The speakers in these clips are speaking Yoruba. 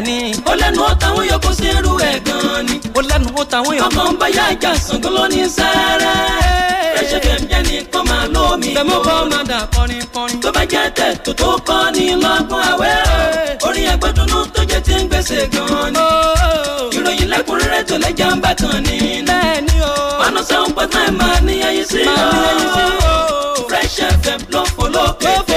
ni. ó lẹ́nu ó tàwọn yòókù sí irú ẹ̀ gan ni. ó lẹ́nu ó tàwọn yòókù. ọmọ ń bá ìjà Ṣàngó ló ní Fresh FM jẹ́ ní kọ́ máa ló mi. bẹ́ẹ̀ mo kọ́ máa dà kọrin kọrin. tó bá jẹ́ tẹ̀ tó tó kọ́ ní lọ́gbọ́n àwẹ̀. orin ẹgbẹ́ dunu tó jẹ́ ti ń gbèsè gan ni. Oh. ìròyìn lẹ́kùnrẹ́rẹ́ tó lẹ́jà ń bàtàn ni. bẹ́ẹ̀ o. one oh seven point nine máa ní ẹyin sí i. máa ní ẹyin sí i. Fresh FM ló fò lókè.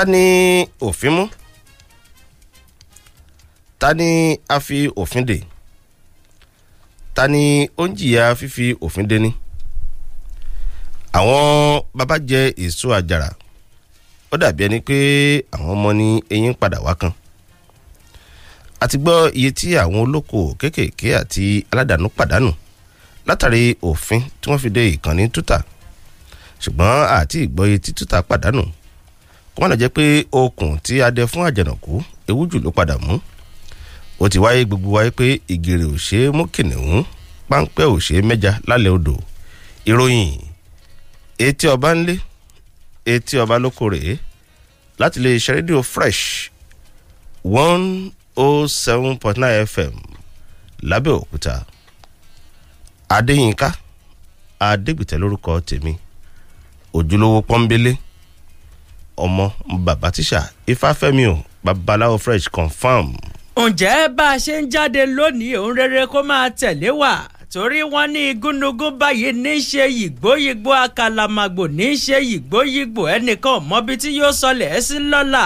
ta ni òfin mú ta ni a fi òfin dè ta ni ó ń jìyà fífi òfin dè ni àwọn baba jẹ èso àjàrà ó dàbí ẹni pé àwọn ọmọ ní eyín padà wá kan àti gbọ́ iye tí àwọn olóko kéékèèké àti aládàánú pàdánù látàrí òfin tí wọ́n fi de ìkànnì túta ṣùgbọ́n àti ìgbọ́ iye tí túta pàdánù wọ́n lọ jẹ́ pé okùn tí a dẹ fún àjànàkú ewu jù ló padà mú ó ti wáyé gbogbo wáyé pé ìgèrè ò ṣe é mú kìnìún páńpẹ́ ò ṣe é mẹ́ja lálẹ́ odò ìròyìn etí ọba ńlé etí ọba lóko rèé láti lè ṣe rédíò fresh one oh seven point nine fm lábẹ́òkúta adéyínká adégbìtẹ́ lórúkọ tèmi ojúlówó pọ́nbélé ọmọ bàbá tíṣà ifáfẹ́mi o babaláwo fresh confam. ǹjẹ́ bá a ṣe ń jáde lónìí òun rere kó máa tẹ̀lé wa torí wọn ní igúnnugún báyìí ní í ṣe yìgbóyìgbó akàlàmàgbò ní í ṣe yìgbóyìgbó ẹnìkan mọbi tí yóò sọlẹ̀ ẹ́ sí lọ́la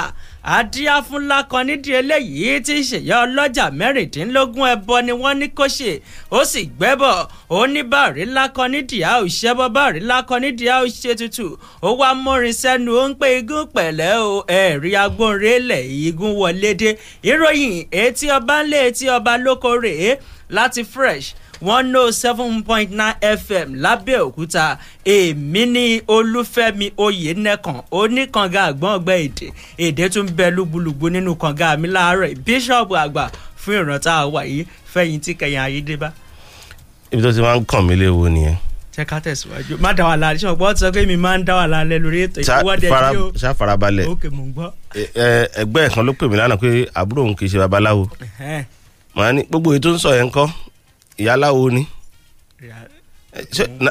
àdíá fúnlá kan nídìí eléyìí tí í ṣèyá ọlọ́jà mẹ́rìndínlógún ẹbọ ni wọ́n ní kó ṣe ó sì gbẹ́bọ̀ ó ní bàrí lákan nídìí a ò ṣẹbọ bàrí lákan nídìí a ò ṣe tutù ó wá mọ́rin sẹ́nu ó ń pé igún pẹ̀lẹ́ o ẹ̀rí agbóhùnrẹ́lẹ̀ igún wọlédé ìròyìn etí ọba ńlẹ̀ etí ọba lóko rèé láti fresh one oh seven point nine fm lábẹ́òkúta èmi e ní olúfẹ́mi oyènẹ́kan oníkanga àgbọ̀ngbẹ́ èdè èdè tún bẹ lúgbúlùgbú nínú kanga mi láàárọ̀ bíṣọ̀bù àgbà fún ìrántá àwa yìí fẹ̀yìntì kẹyìn ayédèbá. ibi tó ti máa ń kàn mí léwu nìyẹn jẹ ká tẹsíwájú má dá wà lálẹ́ ṣé ọgbọ́n sọ pé mi máa ń dá wà lálẹ́ lórí ètò ìwọ́de tí ó ṣá farabalẹ̀ ẹgbẹ́ kan ló pè mí lánàá pé àbúrò òun kì í ṣe babaláwo màá ní gbogbo ètò ń sọ yẹn ń kọ́ ìyáláwo ni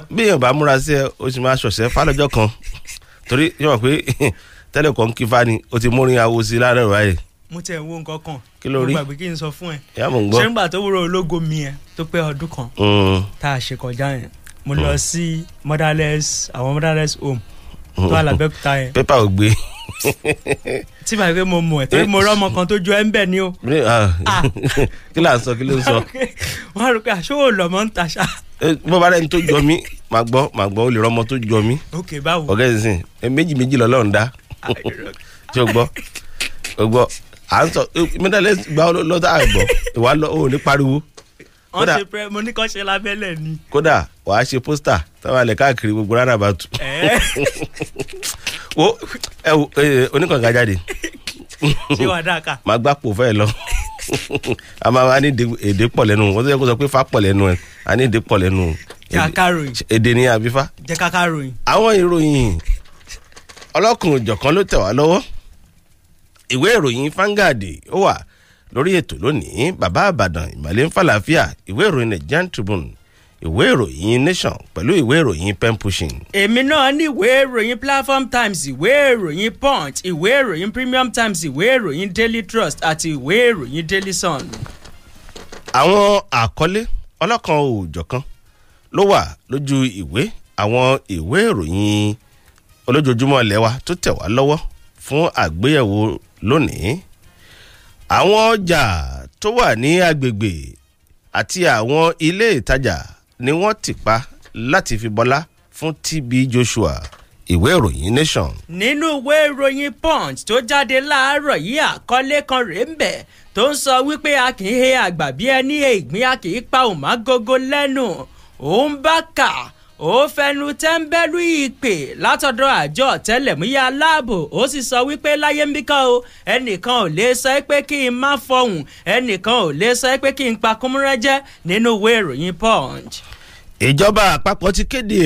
bí èèyàn bá múra sí ẹ o sì máa ṣọ̀ṣẹ́ fálọ́jọ́ kan torí yóò mọ̀ pé tẹ́lẹ̀kọ́ ń kí fani o ti múrin awo sí láàárọ̀ báyìí. mo tẹ wo nǹkan kan mo gbàgbé kí n sọ fún ẹ ṣé nígbà tó wúrò ológo mi ẹ tó pé ọdún kan mm. tá a ṣe kọjá yẹn mo mm. lọ sí motherless àwọn motherless home tó alábẹ́kúta yẹn. pépà ò gbé. tí màá gbé mo mọ ẹ torí mo rọmọ kan tó ju ẹ ń bẹ ni o. kí ló ń sọ kí ló ń sọ. wọn rò pé àṣọwò lọmọ ń tàṣà. bó bá rẹ ní tó jọ mí màá gbọ́ màá gbọ́ ó lè rọmọ tó jọ mí. ok báwo. ọ̀gá ẹ̀ sìn méjì méjì lọ́lọ́run dá tí o gbọ́ o gbọ́ à ń sọ mẹ́tàlẹ́sì gbà lọ́tà àgbọ̀ ìwà lọ òun ní pariwo wọ́n ṣe pẹ́ mo ní kọ́ ṣe lábẹ́lẹ̀ ni. kódà wàá ṣe pósítà táwa lè káàkiri gbogbo rárá bá tu. wo ẹ wo oníkànga jáde. ṣé wàá dáa ká. màá gbà pò fẹ́ lọ a máa wá ní èdè pọ̀ lẹ́nu wọ́n tó yẹ kó sọ pé fa pọ̀ lẹ́nu ẹ̀ a ní èdè pọ̀ lẹ́nu. kàkàròyìn èdè ni àbífá. jẹ kàkàròyìn. àwọn ìròyìn ọlọ́kùnrin jọ̀kan ló tẹ̀ wá lọ́wọ́ ìwé ìròyìn fangadi ó wà lórí ètò lónìí bàbá àbàdàn ìmàlẹ́ ń fàlàáfíà ìwé ìròyìn Nigerian Tribune ìwé ìròyìn nation pẹ̀lú ìwé ìròyìn pen pushing. èmi náà ní ìwé ìròyìn platform times ìwé ìròyìn punch ìwé ìròyìn premium times ìwé ìròyìn daily trust àti ìwé ìròyìn daily sun. àwọn àkọlé ọlọ́kan òòjọ̀kan ló wà lójú ìwé àwọn ìwé ìròyìn olójoojúmọ́ ilé wa tó tẹ̀ wá lọ́wọ́ fún àgbéyẹ̀wò lónìí àwọn ọjà tó wà ní agbègbè àti àwọn ilé ìtajà ni wọ́n ti pa láti fi bọ́lá fún TB Joshua ìwé ìròyìn Nation. nínú ìwé ìròyìn Punch tó jáde láàárọ̀ yìí àkọlé kan rèé ń bẹ̀ tó ń sọ wípé a kì í he àgbà bí ẹni ìgbín kì í pa òmágógó lẹ́nu òun bá kà á ó fẹnu tẹ́ńbẹ́lú ìpè látọ̀dọ̀ àjọ ọ̀tẹlẹ̀múyẹ́ aláàbò ó sì sọ wípé láyé ń bí kan o ẹnìkan ò lè sọ pé kí n má fọhùn ẹnìkan ò lè sọ pé kí n pa kúmúrẹ́jẹ́ nínú ìwé ìròyìn punch. ìjọba àpapọ̀ ti kéde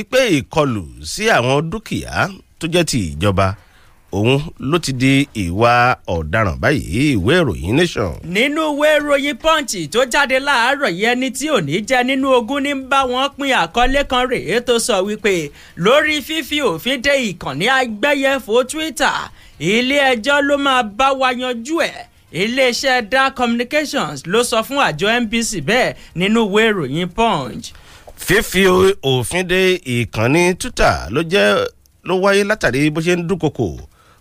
ẹ̀ pé ìkọlù sí àwọn dúkìá tó jẹ́ ti ìjọba òun ló ti di ìwà ọ̀daràn báyìí ìwé ìròyìn nation. nínú ìwé ìròyìn punch tó jáde láàárọ̀ yìí ẹni tí ò ní jẹ́ nínú ogún ní bá wọn pín àkọlé kan rèé tó sọ wípé lórí fífi òfin dé ìkànnì agbẹ́yẹ̀fọ́ twitter ilé ẹjọ́ ló máa bá wa yanjú ẹ̀ iléeṣẹ́ da communications ló sọ fún àjọ nbc bẹ́ẹ̀ nínú ìwé ìròyìn punch. fífi òfin dé ìkànnì twitter ló jẹ́ ló wáyé látàrí bó ṣe ń dúnkokò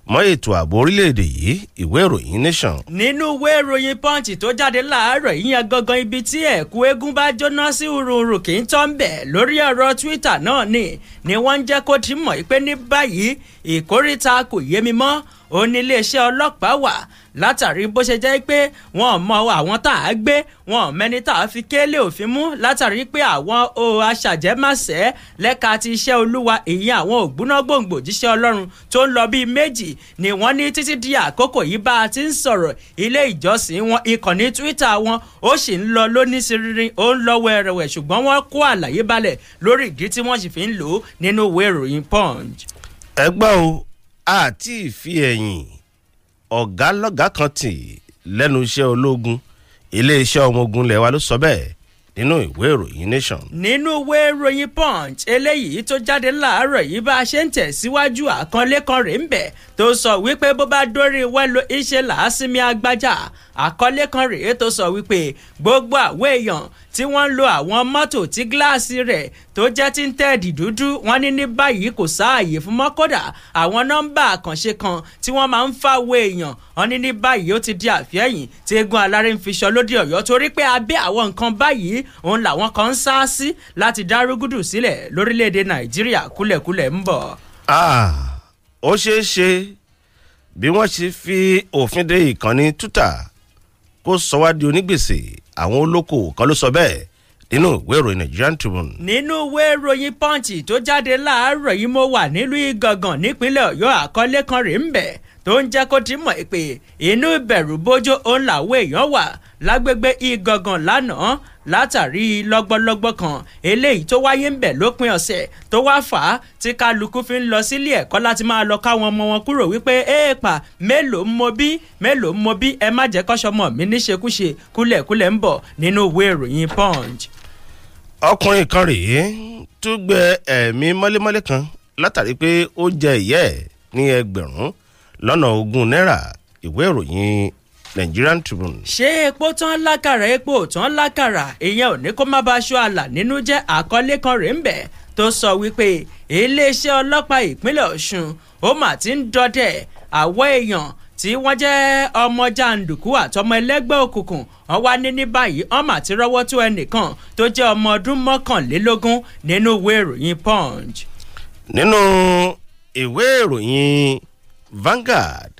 mọ́ ètò ààbò orílẹ̀-èdè yìí ìwé ìròyìn nation. nínú ìwé ìròyìn punch tó jáde láàárọ̀ ìyẹn gangan ibi tí ẹ̀kú eégún bá jóná sí urunrun kì í tán bẹ̀ lórí ọ̀rọ̀ twitter náà ni ni wọ́n ń jẹ́ kó ti mọ̀ pé ní báyìí ìkórìtà kò yé mi mọ́ ó ní iléeṣẹ́ ọlọ́pàá wà látàrí bó ṣe jẹ́ pé wọ́n mọ àwọn tá a gbé wọ́n mẹ́ni tá a fi kélé òfin mú látàrí pé àwọn o aṣàjẹmàṣẹ́ lẹ́ka ti iṣẹ́ olúwa ìyẹn àwọn ògbóná gbòǹgbò jíṣẹ́ ọlọ́run tó ń lọ bíi méjì ni wọ́n ní títí di àkókò yìí bá a ti ń sọ̀rọ̀ ilé ìjọsìn wọn ìkànnì twitter wọn ó sì ń lọ lóníṣirírin ó ń lọ wẹ̀rẹ̀wẹ̀ ṣùgbọ́n wọ́n kó àlàyé balẹ̀ lórí ìdí tí wọ́n sì fi ń lò ó nínú ìwé ìròyìn punch. ẹ o àti ìfi ẹ̀yìn ọ̀gá lọ́gàá kan tì lẹ́nu iṣẹ́ ológun iléeṣẹ́ ọmọ ogun lẹ̀ wa ló sọ bẹ́ẹ̀ nínú ìwé ìròyìn nation. nínú ìwé ìròyìn punch eléyìí tó jáde láàárọ̀ yìí bá a ṣe ń tẹ̀síwájú àkànlé kan rèé ń bẹ̀ tó sọ wípé bó bá dórí wẹ́lo iṣẹ́ làásìmí agbájá àkọlé kan rèé tó sọ wípé gbogbo àwọn èèyàn tí wọ́n ń lo àwọn mọ́tò tí gíláàsì rẹ̀ tó jẹ́ tíntẹ́ẹ̀dì dúdú wọ́n ní ní báyìí kò sáàyè fún mọ́ kódà àwọn nọ́mbà àkànṣe kan tí wọ́n máa ń fáwọ èèyàn wọ́n ní ní báyìí ó ti di àfẹ́yìn tí eégún aláré ń fi sọ lóde ọ̀yọ́ torí pé abẹ́ àwọn nǹkan báyìí òun làwọn kan ń sá sí láti dárúgúdù sílẹ̀ lórílẹ̀‐èdè nàìjíríà kúlẹ̀kúlẹ̀ ń bọ̀. Ah, ó ṣeé ṣe bí wọ́n ṣe fi òfin de ìkànnì túta kó sọ wá di onígbèsè àwọn olókoòwò kan ló sọ bẹ́ẹ̀ nínú ìwé ìròyìn Nigerian Tribune. nínú ìwé ìròyìn Punch tó jáde láàárọ̀ yìí mo wà nílùú Ìgangan nípínlẹ̀ Ọ̀yọ́ àkọlé kan rèé ń bẹ̀ tó ń jẹ́ kó ti mọ̀ pé inú ìbẹ̀rù bójú òun làwọn èèyàn wà lágbègbè igangan lánàá látàrí lọ́gbọ́lọ́gbọ́ kan eléyìí tó wáyé ń bẹ̀ lópin ọ̀sẹ̀ tó wá fà á tí kálukú fi ń lọ sílé ẹ̀kọ́ láti máa lọ káwọn ọmọ wọn kúrò wípé èèpà mélòó mo bí mélòó mo bí ẹ má jẹ́ kọ́sọ́mọ mi níṣekúṣe kúlẹ̀kúlẹ̀ ń bọ̀ nínú ìwé ìròyìn punch. ọkùnrin kan rèé tó gbẹ ẹ̀mí mọ́lémọ́lé kan látàrí pé ó jẹ ìyẹ́ ẹ̀ ní ẹgbẹ̀rún lọ́nà ogún náírà ìwé ìròyìn Nigerian Tribune. ṣé epo tán lákàrà epo tán lákàrà ìyẹn ò ní kó má bá aṣọ àlà nínú jẹ́ àkọlé kan rèé ń bẹ̀ tó sọ wípé iléeṣẹ́ ọlọ́pàá ìpínlẹ̀ Ọ̀ṣun ó mà ti ń dọdẹ àwọ̀ èèyàn tí wọ́n jẹ́ ọmọ jàǹdùkú àtọmọ ẹlẹ́gbẹ́ òkùnkùn wọ́n wá ní ní báyìí wọ́n mà ti rọ́wọ́ tó ẹnìkan tó jẹ́ ọmọ ọdún mọ́kànlélógún nínú ìwé ìròyìn Punch. nínú ìwé ìròyìn Vanguard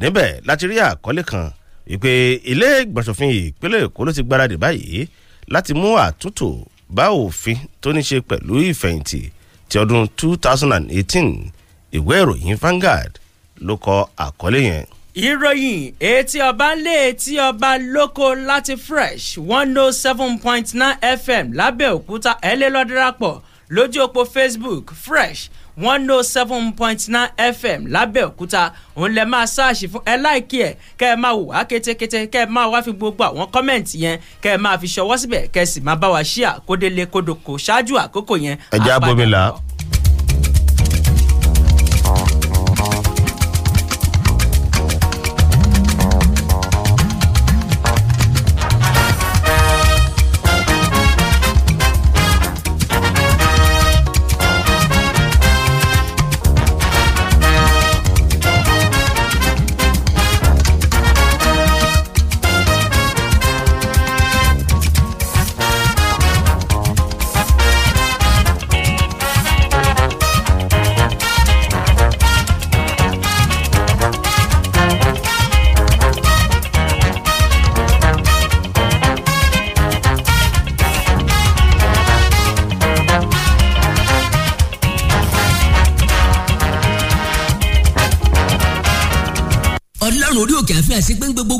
níbẹ̀ láti rí àkọlé kan ìpè ilé ìgbàsòfin ìpínlẹ̀ èkó ló ti gbáradì báyìí láti mú àtúntò bá òfin tó ní ṣe pẹ̀lú ìfẹ̀yìntì ti ọdún 2018 ìwé ìròyìn Vanguard ló kọ àkọlé yẹn ìròyìn etí ọba ń lé etí ọba lóko láti fresh one oh seven point nine fm lábẹ́òkúta ẹ lè lọ darapọ̀ lójú òpó facebook fresh one oh seven point nine fm lábẹ́òkúta òun lẹ máa ṣáàṣì fún ẹ láìkí ẹ kẹ ẹ máa wò wá kétékété kẹ ẹ máa wá fi gbogbo àwọn kọ́mẹ̀ntì yẹn kẹ ẹ máa fi ṣọwọ́ síbẹ̀ kẹ ẹ sì máa bá wa ṣíà kódélé kódoko ṣáájú àkókò yẹn. ẹ jẹ́ àbomila. sí pé gbogbo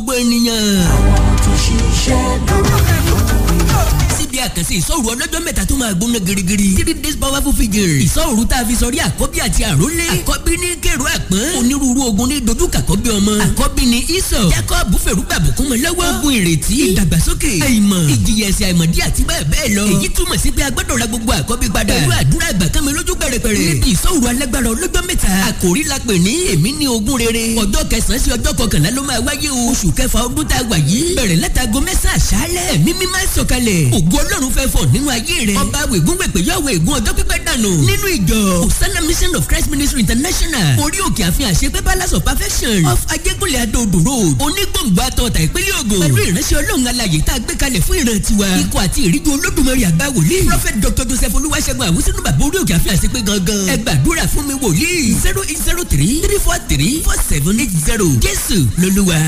àkànṣe ìṣòro ọlọ́jọ́ mẹ́ta tó máa gbóná girigiri three days powerful figure ìṣòro tá a fi sọrí àkọ́bí àti àrólé àkọ́bí ní kérò àpọ́n onírúurú ogun ní dojúkọ àkọ́bí ọmọ àkọ́bí ní isọ jacob fèrúgbà bùkúnmọ́ lọ́wọ́ ogun ìrètí ìdàgbàsókè àìmọ̀ ìjìyẹsẹ àìmọ̀dí àti bẹ́ẹ̀ bẹ́ẹ̀ lọ èyí túmọ̀ sí pé a gbọ́dọ̀ ra gbogbo àkọ́bí padà pẹ̀lú àdúrà ìgbàkanmi lójú pẹ̀rẹ̀pẹ̀rẹ̀ níbi ìṣòro alágbára ọlọ́jọ́ mẹ́ta àkòrí la pè ní èmi ní ogún rere ọjọ́ kẹsàn-án sí ọjọ́ kọkànlá ló máa wáyé o oṣù kẹfà ọdún tá a wà yìí bẹ̀rẹ̀ látago mẹ́sàn-án àṣálẹ̀ mímí máa sọ̀kalẹ̀ ògo ọlọ́run fẹ́ fọ̀ nínú ayé rẹ̀ ọba àwẹ̀ gúngbẹ̀ pé yọ̀wẹ̀ ègún ọjọ́ pípẹ́ dànù nínú ìjọ Hosanna Mission of Christ Ministry International orí òkè àfihàn àṣepẹ́ palace of perfection off ajégúnlẹ̀ adòdò road onígbòǹgbò àtọ̀tà ìpínlẹ̀ Ògùn pẹ̀lú ìránṣẹ́ ọlọ́run alàyè tá a gbé kalẹ̀ fún ìran tiwa ikọ̀ àti ìríjú olódùmarè àgbà wòlíì prophet dr joseph olúwaṣẹ́gun àwùsínú bàbá orí òkè àfihàn àṣepẹ́ gangan ẹ gbàdúrà fún mi wòlíì zero eight zero three three four three four seven eight zero jésù lolúwa.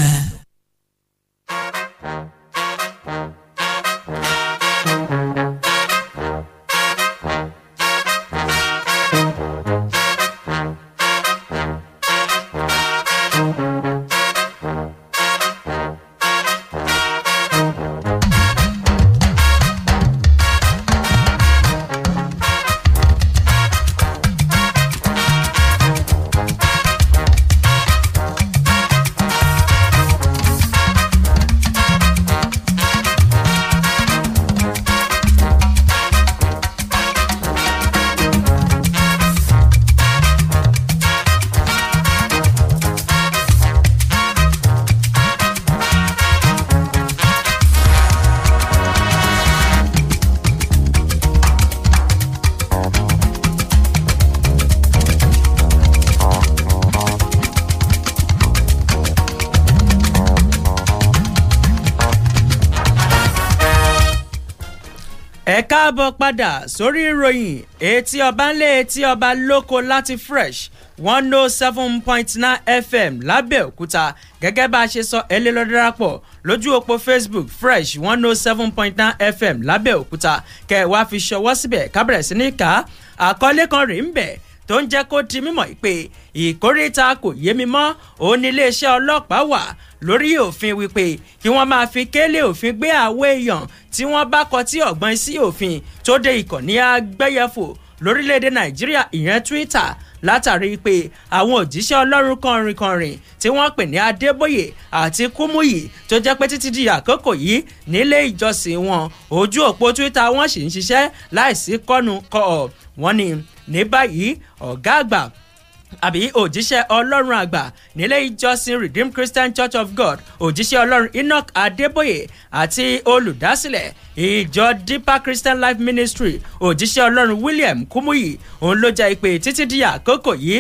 padà sórí ìròyìn etí ọba ńlẹ̀ etí ọba lóko láti fresh one oh seven point nine fm lábẹ́òkúta gẹ́gẹ́ bá a ṣe sọ ẹ lè lọ lójú òpó facebook fresh one oh seven point nine fm lábẹ́òkúta kẹ́ ẹ wá fi ṣọwọ́ síbẹ̀ kábẹ̀rẹ̀ sí ní ká àkọlé kan rèé ń bẹ̀ tó ń jẹ́ kó di mímọ̀ pé ìkórìíta kò yé mi mọ́ òun ní iléeṣẹ́ ọlọ́pàá wà lórí òfin wípé kí wọ́n máa fi kélé òfin gbé àwọ èèyàn tí wọ́n bá kọtí ọ̀gbọ́n sí òfin tó de ìkànnì àgbẹ̀yẹ̀fò lórílẹ̀‐èdè nàìjíríà ìyẹn Twitter látàrí pé àwọn òjíṣẹ́ ọlọ́run kọrinkọrin tí wọ́n pè ní adébóyè àti kúmúyì tó jẹ́ pé títí di àkókò yìí nílé ìjọsìn wọn ojú òpó twitter wọn sì ń ṣiṣẹ́ láìsí kọ́nu kọ́ ọ wọ́n ní ní báyìí ọ̀gá àgbà àbí òjíṣẹ́ ọlọ́run àgbà nílé ìjọsìn redeemed christian church of god òjíṣẹ́ ọlọ́run enoch adébóyè àti olùdásílẹ̀ ìjọ deeper christian life ministry òjíṣẹ́ ọlọ́run william kumuyi òun ló jẹ́ ìpè títí di àkókò yìí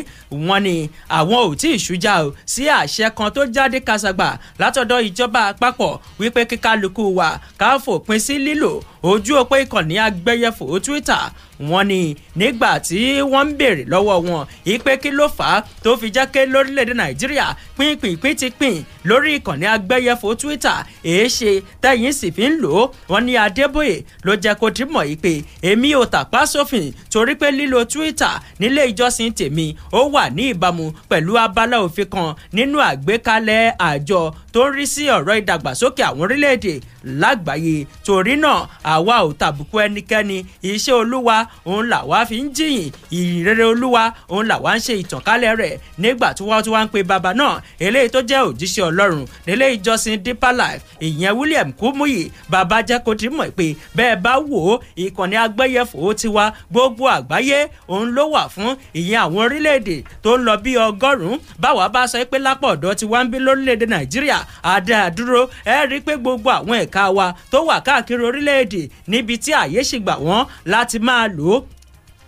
wọ́n ní àwọn ò tí ì ṣújà o sí àṣẹ kan tó jáde kàṣàgbà látọ̀dọ̀ ìjọba àpapọ̀ wípé kíkálukú wa ká fòpin sí lílò ojú òpó ìkànnì agbẹ́yẹ̀fọ́ twitter wọ́n ní nígbà tí wọ́n ń béèrè lọ́wọ́ wọn ìpè kí ló fà á tó fi jẹ́ ké lórílẹ̀‐èdè nàìjíríà pínpínpín ti pín lórí ìkànnì agbẹ́yẹfò twitter èéṣe tẹ̀yìn sì fi ń lò ó wọn ní adébóyè ló jẹ́ kó ti mọ̀ pé èmi ò tàpá sófin torí pé lílo twitter nílé ìjọsìn tèmi ó wà ní ìbámu pẹ̀lú abala òfin kan nínú àgbékalẹ̀ àjọ tó ń rí sí ọ̀rọ̀ ìdàgbàsókè àwọn orílẹ̀-èdè lágbàáyé torí náà àwa ò tàbùkù ẹnikẹ́ni iṣẹ́ olúwa òun làwa fi ń jìyìn ìrere olúwa òun làwa ń ṣe ìtànkálẹ̀ rẹ̀ nígbà tí wọ́n ti wá ń pe bàbá náà eléyìí tó jẹ́ òjíṣẹ́ ọlọ́run nílé ìjọsìn deeper life ìyẹn william kúmúyì bàbá jẹ́ kó ti mọ̀ pé bẹ́ẹ̀ bá wò ó ìkànnì agbẹ́yẹ̀fọ́ tiwa gbogbo àgbáyé òun ló wà fún ìyẹn àwọn orílẹ̀-èdè tó ń lọ bí ọgọ́rùn-ún báwa bá sọ pé lápọ̀ ọ̀dọ́ tiwa ń bí lórílẹ̀-èdè nàìjíríà àdáàdúró ẹ rí i pé gbogbo àwọn ẹ̀ka ẹ̀ka wa tó wà káàkiri orílẹ̀-èdè níbi tí àyè sì gbà wọ́n láti máa lò ó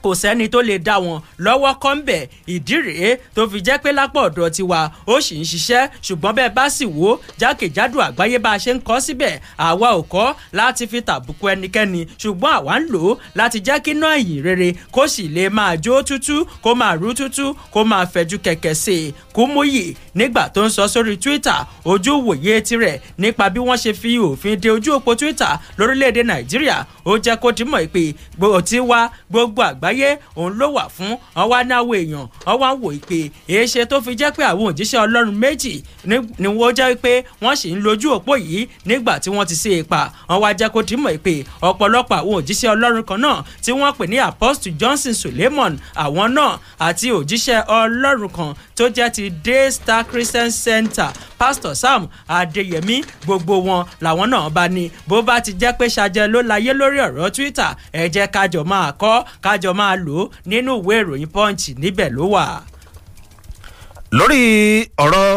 kò sẹ́ni tó lè dá wọn lọ́wọ́ kọ́ńbẹ̀ ìdí rèé tó fi jẹ́ pé lápò ọ̀dọ̀ tiwa ó sì ń ṣiṣẹ́ ṣùgbọ́n bẹ́ẹ̀ bá sì wò ó jákèjádò àgbáyé bá a ṣe ń kọ́ síbẹ̀ àwa ò kọ́ láti fi tàbùkù ẹnikẹ́ni ṣùgbọ́n àwa ń lò ó láti jẹ́ kí náà yìn rere kó sì lè máa jó tútú kó máa rú tútú kó máa fẹ̀jú kẹ̀kẹ́ sí i Kúmúyì nígbà tó ń sọ sórí Twitter ojú wòye tirẹ̀ nípa bí wọ́n ṣe fi òfin de ojú òpó Twitter lórílẹ̀‐èdè Nàìjíríà ó jẹ́ kó dìmọ̀ ìpè gbòòtí wa gbogbo àgbáyé àgbáyé òun ló wà fún ọwọ́ anáwó èèyàn ọwọ́ àwò ìpè èéṣe tó fi jẹ́ pé àwọn òjíṣẹ́ ọlọ́run méjì ni wọ́n jẹ́ pé wọ́n sì ń lójú òpó yìí nígbà tí wọ́n ti ṣe ipa wọn wá jẹ́ kó dìímọ̀ pé ọ̀pọ̀lọpọ̀ àwọn òjíṣẹ́ ọlọ́run kan náà tí wọ́n pè ní apostle johnson suleiman àwọn náà àti òjíṣẹ́ ọlọ́run kan tó jẹ́ ti daystar christian center pastor sam adeyemi gbogbo wọn làwọn náà bá ní bó bá ti jẹ́ pé ṣàjẹ́ ló láyé lórí ọ̀rọ̀ twitter ẹ jẹ́ kájọ máa kọ́ kájọ máa lò ó nínú ìwé ìròyìn punch níbẹ̀ ló wà. lórí ọ̀rọ̀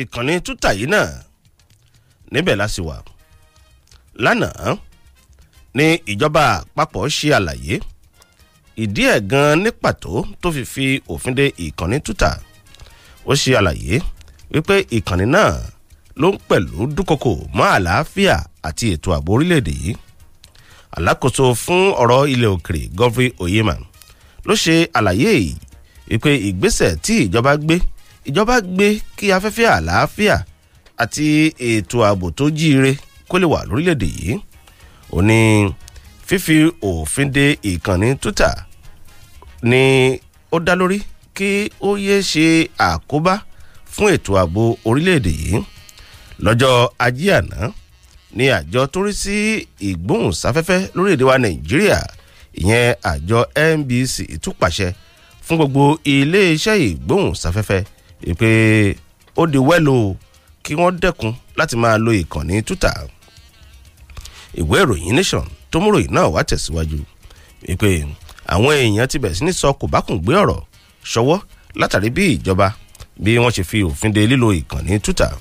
ìkànnì túta yìí náà níbẹ̀ la sì wà lánàá ní ìjọba àpapọ̀ ṣe àlàyé ìdí ẹ̀ gan ní pàtó tó fi fi òfin de ìkànnì túta ó ṣe àlàyé wípé ìkànnì náà ló ń pẹ̀lú dúkokò mọ́ àlàáfíà àti ètò ààbò orílẹ̀-èdè yìí alákòóso fún ọ̀rọ̀ ilẹ̀ òkèrè godfrey oyema ló ṣe àlàyé yìí wípé ìgbésẹ̀ tí ìjọba gbé ìjọba gbé kí afẹ́fẹ́ àlàáfíà àti ètò ààbò tó jíire kó lè wà lórílẹ̀‐èdè yìí ó ní fífi òfin de ìkànnì twitter ni ó dá lórí kí ó yéé ṣe àkóbá fún ètò ààbò orílẹ̀‐èdè yìí lọ́jọ́ ajé àná ní àjọ tó rí sí ìgbóhùnsáfẹ́fẹ́ lórílẹ̀‐èdè wa nàìjíríà ìyẹn àjọ NBC ìtúpàṣẹ fún gbogbo iléeṣẹ́ ìgbóhùnsáfẹ́fẹ́ pé ó di wẹ́lo kí wọ́n dẹ́kun láti máa lo ìkànnì Twitter ìwé ìròyìn Nation tó mú ròyìn náà wá tẹ̀síwájú pé àwọn èèyàn ti bẹ̀rẹ̀ sí ní sọ kò bá kùn gbé ọ̀rọ̀ ṣọwọ́ látàrí bí ìjọba bí wọ́n ṣe fi òfin de lílo ìkànnì Twitter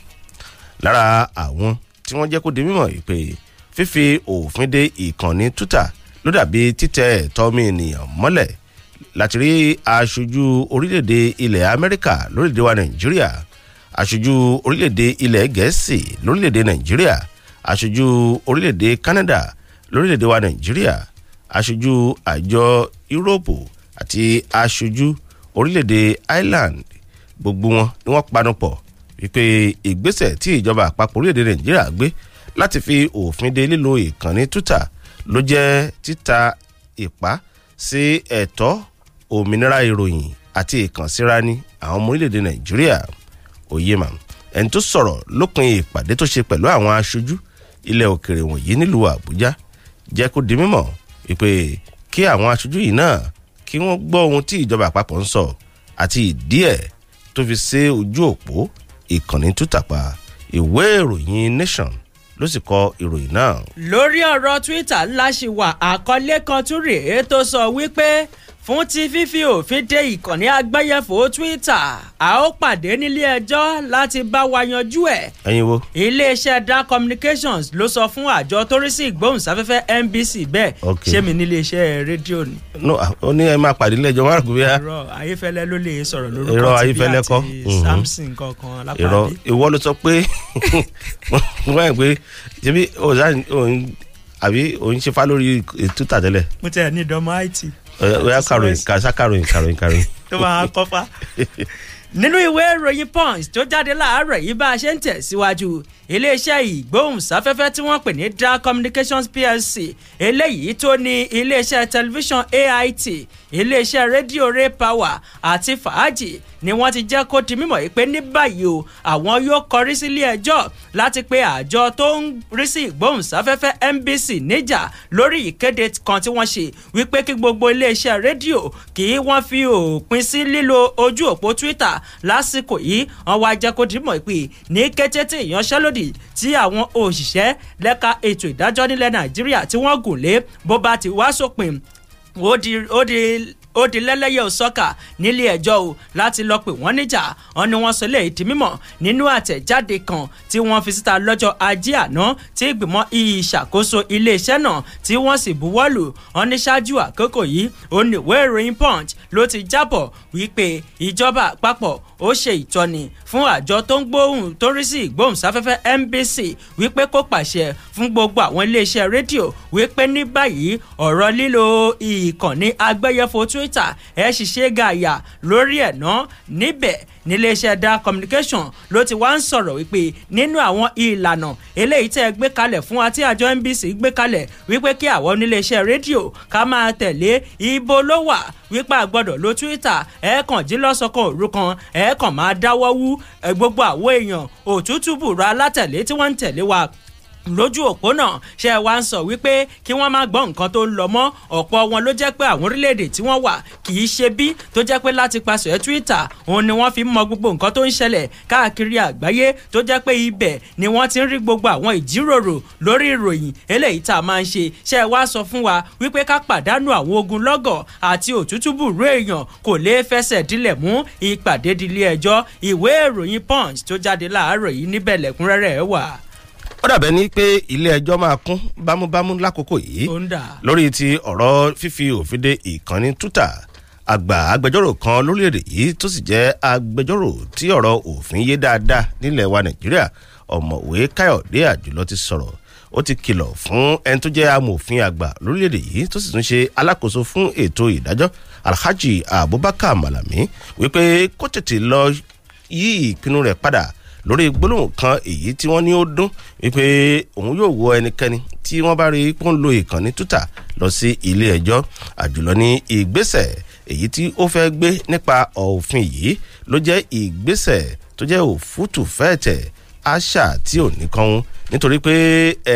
lára àwọn tí wọ́n jẹ́ kó di mímọ̀ pé fífi òfin de ìkànnì twitter ló dàbí títẹ ẹ̀tọ́ mi ènìyàn mọ́lẹ̀ láti rí aṣojú orílẹ̀-èdè ilẹ̀ amẹ́ríkà lórílẹ̀-èdè wa nàìjíríà aṣojú orílẹ̀-èdè ilẹ̀ gẹ̀ẹ́sì lórílẹ̀-èdè nàìjíríà aṣojú orílẹ̀-èdè canada lórílẹ̀-èdè wa nàìjíríà aṣojú àjọ yúróòpù àti aṣojú orílẹ̀-èdè ireland gbogbo wọn ni wọ́n panupọ̀ wípé ìgbésẹ̀ tí ìjọba àpapọ̀ orílẹ̀-èdè nàìjíríà gbé láti fi òfin de lílo ìkànnì túta ló jẹ́ títa ìpá sí ẹ̀tọ́ òmìnira ìròyìn àti ìkànsíra ní àwọn ọmọ orílẹ̀-èdè nàìjíríà oyema ẹni tó sọ̀rọ̀ lópin ìpàdé tó ṣe pẹ̀lú àwọn aṣojú ilẹ̀ òkèrè wọ̀nyí nílùú àbújá jẹ́ kó di mímọ̀ pé kí àwọn aṣojú yìí náà kí wọ́n gbọ́ ohun tí ìjọba àpapọ̀ ń sọ àti ìdí ẹ̀ tó fi ṣe ojú òpó ìkànnì tútàpá ìwé ìròyìn nation ló sì kọ ìròyìn náà. lórí ọ̀rọ̀ twitter ńlá ṣì wà àkọlé kan tún rèé tó sọ wípé fún ti fífi òfin dé ìkànnì agbẹ́yẹ̀fọ́ Twitter a ó pàdé nílé ẹjọ́ láti bá wa yanjú ẹ̀. ẹ̀yin wo. iléeṣẹ́ Dan Communications ló sọ fún àjọ tó rí sí ìgbóhùnsáfẹ́fẹ́ NBC bẹ́ẹ̀ ṣé mi nílé iṣẹ́ rédíò ni. no ó ní ẹ máa pàdé lẹ́jọ́ wàrà kúbíyà. irọ́ ayífẹ́lẹ́ ló lè sọ̀rọ̀ lórúkọ tìbí àti mhm. Samson kankan lápá. irọ́ ìwọ ló sọ pé wọ́n yẹn pé ṣebí òun àbí òun ṣe fá lórí Twitter tẹ́lẹ̀. mo tẹ̀ ní ìdánmọ́ IT. ó yá kàròyìn kàròyìn kàròyìn kàròyìn. tó bá kọ́fà. nínú ìwé ìròyìn punch tó jáde láàárọ̀ yìí bá a ṣe ń tẹ̀síwájú iléeṣẹ́ ìgbóhùnsáfẹ́fẹ́ tí wọ́n pè ní da communications plc eléyìí tó ní iléeṣẹ́ tẹlifíṣàn ait iléeṣẹ́ rédíò ray power àti fàájì ni wọ́n ti jẹ́ kó di mímọ̀ pé ní báyìí o àwọn yóò kọrí sílé ẹjọ́ láti pé àjọ tó ń rí sí ìgbóhùnsáfẹ́fẹ́ nbc níjà lórí ìkéde kan tí wọ́n ṣe wípé kí gbogbo iléeṣẹ́ rédíò kí wọ́n fi òpin sí lílo ojú òpó twitter lásìkò yìí wọ́n wá jẹ́ kó dìímọ̀ pé ní kété tí ìyanṣẹ́lódì tí àwọn òṣìṣẹ́ lẹ́ka ètò ìdájọ́ nílẹ̀ Nàìjíríà tí wọ́n gùn lé bó bá ti wá sópin ó di ó di lẹ́lẹ́yẹ̀ òsọ́kà nílé ẹjọ́ o láti lọ pè wọ́n níjà wọn ni wọ́n sọ lè di mímọ̀ nínú àtẹ̀jáde kan tí wọ́n fi síta lọ́jọ́ ajé àná tí ìgbìmọ̀ ìṣàkóso iléeṣẹ́ náà tí wọ́n sì buwọ́lù wọn ní ṣáájú àkókò yìí ó ní ìwé ìròyìn punch ló ti jábọ̀ wípé ìjọba àpapọ̀ ó ṣe ìtọ́ni fún àjọ tó ń gbóhùn tó rí sí ìgbóhùnsáfẹ́fẹ́ NBC wípé kó pàṣẹ fún gbogbo àwọn iléeṣẹ́ rédíò wípé ní báyìí ọ̀rọ̀ lílo ìkànnì agbẹ́yẹfò twitter ẹ sì ṣe gàyà lórí ẹ̀ náà níbẹ̀ níléeṣẹ́ da communication ló ti wá ń sọ̀rọ̀ wípé nínú àwọn ìlànà eléyìí tẹ́ ẹ gbé kalẹ̀ fún wa tí àjọ NBC gbé kalẹ̀ wípé kí àwọn níléeṣẹ́ rédíò ká máa tẹ̀lé ibo ló wà wípé àgbọ̀dọ̀ ló Twitter ẹ̀ẹ̀kan jí lọ́sọ̀kan òru kan ẹ̀ẹ̀kan máa dáwọ́ wú gbogbo àwọn èèyàn òtútù bùrọ̀ alátẹ̀lé tí wọ́n ń tẹ̀lé wa lójú òpó náà ṣe wá ń sọ wípé kí wọ́n má gbọ́ nǹkan tó ń lọ mọ́ ọ̀pọ̀ wọn ló jẹ́ pé àwọn orílẹ̀-èdè tí wọ́n wà kì í ṣe bí tó jẹ́ pé láti pasẹ̀ Twitter òun ni wọ́n fi ń mọ gbogbo nǹkan tó ń ṣẹlẹ̀ káàkiri àgbáyé tó jẹ́ pé ibẹ̀ ni wọ́n ti ń rí gbogbo àwọn ìjíròrò lórí ìròyìn eléyìí tá a máa ń ṣe ṣe wá sọ fún wa wípé ká pàdánù àwọn ogun lọ́gọ̀ àti òtútù Punch tó jáde láàárọ̀ yìí níbẹ̀ lẹ́kúnrẹ́rẹ́ ó dàbẹ́ ní pé ilé ẹjọ́ máa kún bámúbámú lákòókò yìí lórí ti ọ̀rọ̀ fífi òfin de ìkànnì túta àgbà agbẹjọ́rò kan lórílẹ̀‐èdè yìí tó sì jẹ́ agbẹjọ́rò tí ọ̀rọ̀ òfin yé dáadáa nílẹ̀ wa nàìjíríà ọ̀mọ̀wé káyọ̀dé àjùlọ ti sọ̀rọ̀ ó ti kìlọ̀ fún ẹni tó jẹ́ amòfin àgbà lórílẹ̀ yìí tó sì tún ṣe alákòóso fún ètò ìdájọ́ alhaji abubakar malami wípé kó tètè lọ yí ìpinnu rẹ̀ padà lórí gbólóhùn kan èyí tí wọ́n ní ó dún wípé òun yóò wo ẹnikẹ́ni tí wọ́n bá rí pé ń lo ìkànnì tútà lọ sí ilé ẹjọ́ àjùlọ ní ìgbésẹ̀ èyí tí ó fẹ́ gbé nípa òfin yìí ló jẹ́ ìgbésẹ̀ tó jẹ́ òfútù fẹ́ẹ̀tẹ̀ àṣà tí ò ní kánwó nítorí pé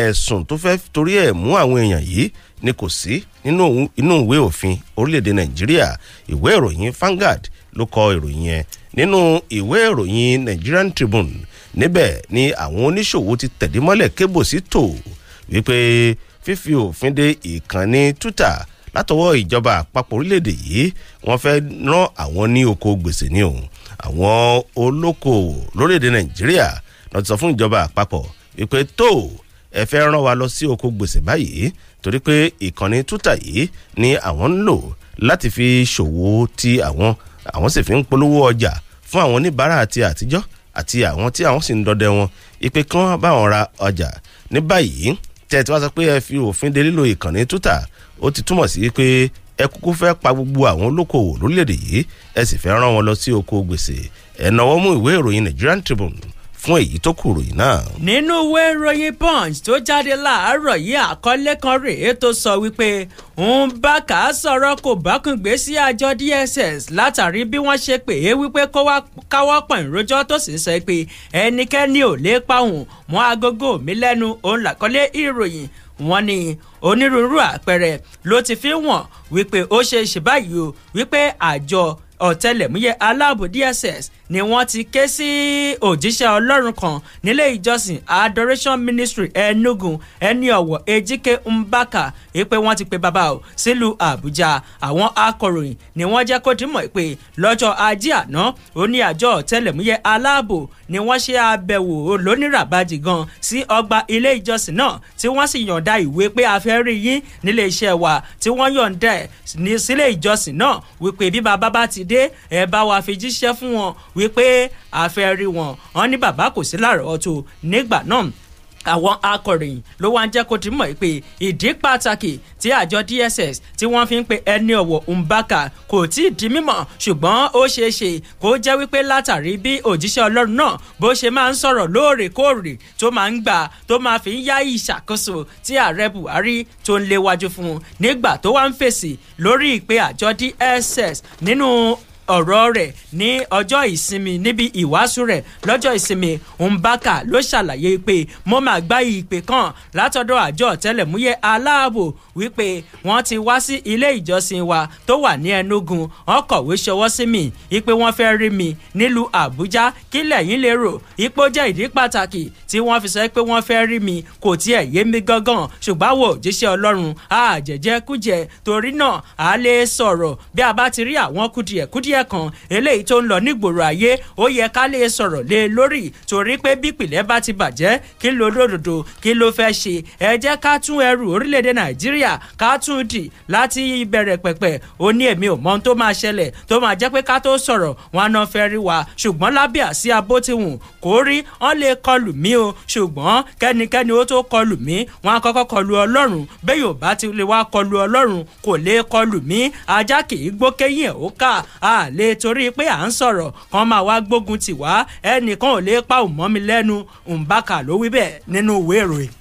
ẹ̀sùn tó fẹ́ torí ẹ̀ mú àwọn èèyàn yìí ni kò sí nínú ìwé òfin orílẹ̀-èdè nàìjíríà ìwé ìròyìn Vanguard ló kọ ìròyìn yẹn nínú ìwé ìròyìn Nigerian Tribune níbẹ̀ ni àwọn oníṣòwò ti tẹ̀dí mọ́lẹ̀ kébò sí tò wípé fífi òfin de ìkànnì Twitter látọwọ́ ìjọba àpapọ̀ orílẹ̀-èdè yìí wọ́n fẹ́ rán àwọn ní oko gbèsè ni o àwọn olókoòwò lórílẹ̀-èdè Nàìjíríà lọ́ọ́ ti sọ fún ìjọba àpapọ̀ wípé tó ẹ fẹ́ rán wa lọ sí oko gbèsè báyìí torí pé ìkànnì Twitter yìí ni àwọn ń lò láti fi ṣòwò ti àwọn àwọn sì fi ń polówó ọjà fún àwọn oníbàárà àti àtijọ́ àti àwọn tí àwọn sì ń dọdẹ wọn ìpè kí wọ́n bá wọn ra ọjà ní báyìí tẹ́ ẹ ti wá sọ pé ẹ fi òfin de lílo ìkànnì tútà ó ti túmọ̀ sí pé ẹ kúkú fẹ́ pa gbogbo àwọn olókoòwò lórílẹ̀‐èdè yìí ẹ sì fẹ́ rán wọn lọ sí oko gbèsè ẹ̀ náwó mú ìwé ìròyìn Nigerian Tribune fún èyí tó kù ròyìn náà. nínú ìwé punch tó jáde láàárọ̀ yìí àkọlé kan rèé tó sọ wípé ń bá kà á sọ̀rọ̀ kò bákùngbé sí àjọ dss látàrí bí wọ́n ṣe pè é wípé kó wá káwọ́ pọ̀n ìrójọ́ tó sì ń sọ pé ẹnikẹ́ni ò lè pa òun mọ́ agogo mi lẹ́nu òun làkọlé ìròyìn wọn ni onírúurú àpẹẹrẹ ló ti fi wọn wípé ó ṣe ṣe báyìí o wípé àjọ ọ̀tẹlẹ̀múyẹ́ aláàbò dss ni wọ́n ti ké sí òjíṣẹ́ ọlọ́run kan nílé ìjọsìn adoration ministry enugu ẹni ọ̀wọ̀ ejike mbaka ìpè wọ́n ti pe bàbá o sílùú àbújá àwọn akọ̀ròyìn ni wọ́n jẹ́ kó dìmọ̀ pé lọ́jọ́ ajé àná ó ní àjọ ọ̀tẹlẹ̀múyẹ́ aláàbò ni wọ́n ṣe àbẹ̀wò olóníràbàjì gan sí ọgbà ilé ìjọsìn náà tí wọ́n sì yọ̀ǹda ìwé pé a fẹ́ rí yín nílé iṣẹ́ wa tí wọ́n yọ̀ǹda ẹ̀ sílé ìjọsìn náà wípé bí bàbá bá ti dé ẹ̀ bá wa fi jíṣẹ́ fún wọn wípé àfẹ́ rí wọn wọn ní bàbá kò sí lárọ̀ọ́tò nígbà náà àwọn akọ̀ròyìn ló wá ń jẹ́ kó ti mọ̀ pé ìdí pàtàkì tí àjọ DSS tí wọ́n fi ń pe ẹni ọ̀wọ̀ Mbaka kò tí ì di mímọ̀ ṣùgbọ́n ó ṣeé ṣe kó jẹ́ wípé látàrí bí òjíṣẹ́ Ọlọ́run náà bó ṣe máa ń sọ̀rọ̀ lóòrèkóòrè tó máa ń gbà tó máa fi ń yá ìṣàkóso tí ààrẹ Buhari tó ń léwájú fún un nígbà tó wá ń fèsì lórí ìpè àjọ DSS nínú ọ̀rọ̀ rẹ̀ ní ọjọ́ ìsinmi níbi ìwàásù rẹ̀ lọ́jọ́ ìsinmi mbaka ló ṣàlàyé pé mo máa gba ìpè kan látọ̀dọ̀ àjọ ọ̀tẹlẹ̀múyẹ́ aláàbò wípé wọ́n ti wá sí ilé ìjọsìn wa tó wà ní ẹnugun wọ́n kọ̀wé ṣọwọ́ sí mi wípé wọ́n fẹ́ rí mi nílùú àbújá kí lẹ̀yin lè ipò jẹ́ ìdí pàtàkì tí wọ́n fi sọ pé wọ́n fẹ́ rí mi kò tiẹ̀ yé mi gangan ṣùgbọ́n wò jíṣẹ́ ọlọ́run àjẹjẹ kújẹ torí náà a lè sọ̀rọ̀ bí a bá ti rí àwọn kùdìẹ̀kùdìẹ̀ iṣẹ́ kan eléyìí tó ń lọ nígboro ayé ó yẹ ká lè sọ̀rọ̀ lé lórí torí pé bípìlẹ̀ bá ti bàjẹ́ kí ló lódodo kí ló fẹ́ ṣe ẹ jẹ́ ká tún ẹrù orílẹ̀-èdè nàìjíríà ká tún dì láti ìbẹ̀rẹ̀ pẹ̀pẹ̀ ó ní èmi ò mọ ohun tó máa ṣẹlẹ̀ tó máa jẹ́ pé ká tó sọ̀rọ̀ wọn náà fẹ́ rí wa ṣùgbọ́n lábẹ́ àsíá bó ti wù kó rí wọn lè kọlù mí o ṣùgbọ́n kẹ́nikẹ́ni ó tó kọlù mí wọn á kọ́kọ́ kọlù ọlọ́run bẹ́ẹ̀ yóò bá ti wá kọlù ọlọ́run kò lè kọlù mí ajá kì í gbókẹ́yìn ẹ̀ ó kà á lè torí pé à ń sọ̀rọ̀ kan máa wá gbógun tì wá ẹnìkan ò lè pa òmọ́ mi lẹ́nu Mbaka ló wí bẹ́ẹ̀ nínú ìwé ìròyìn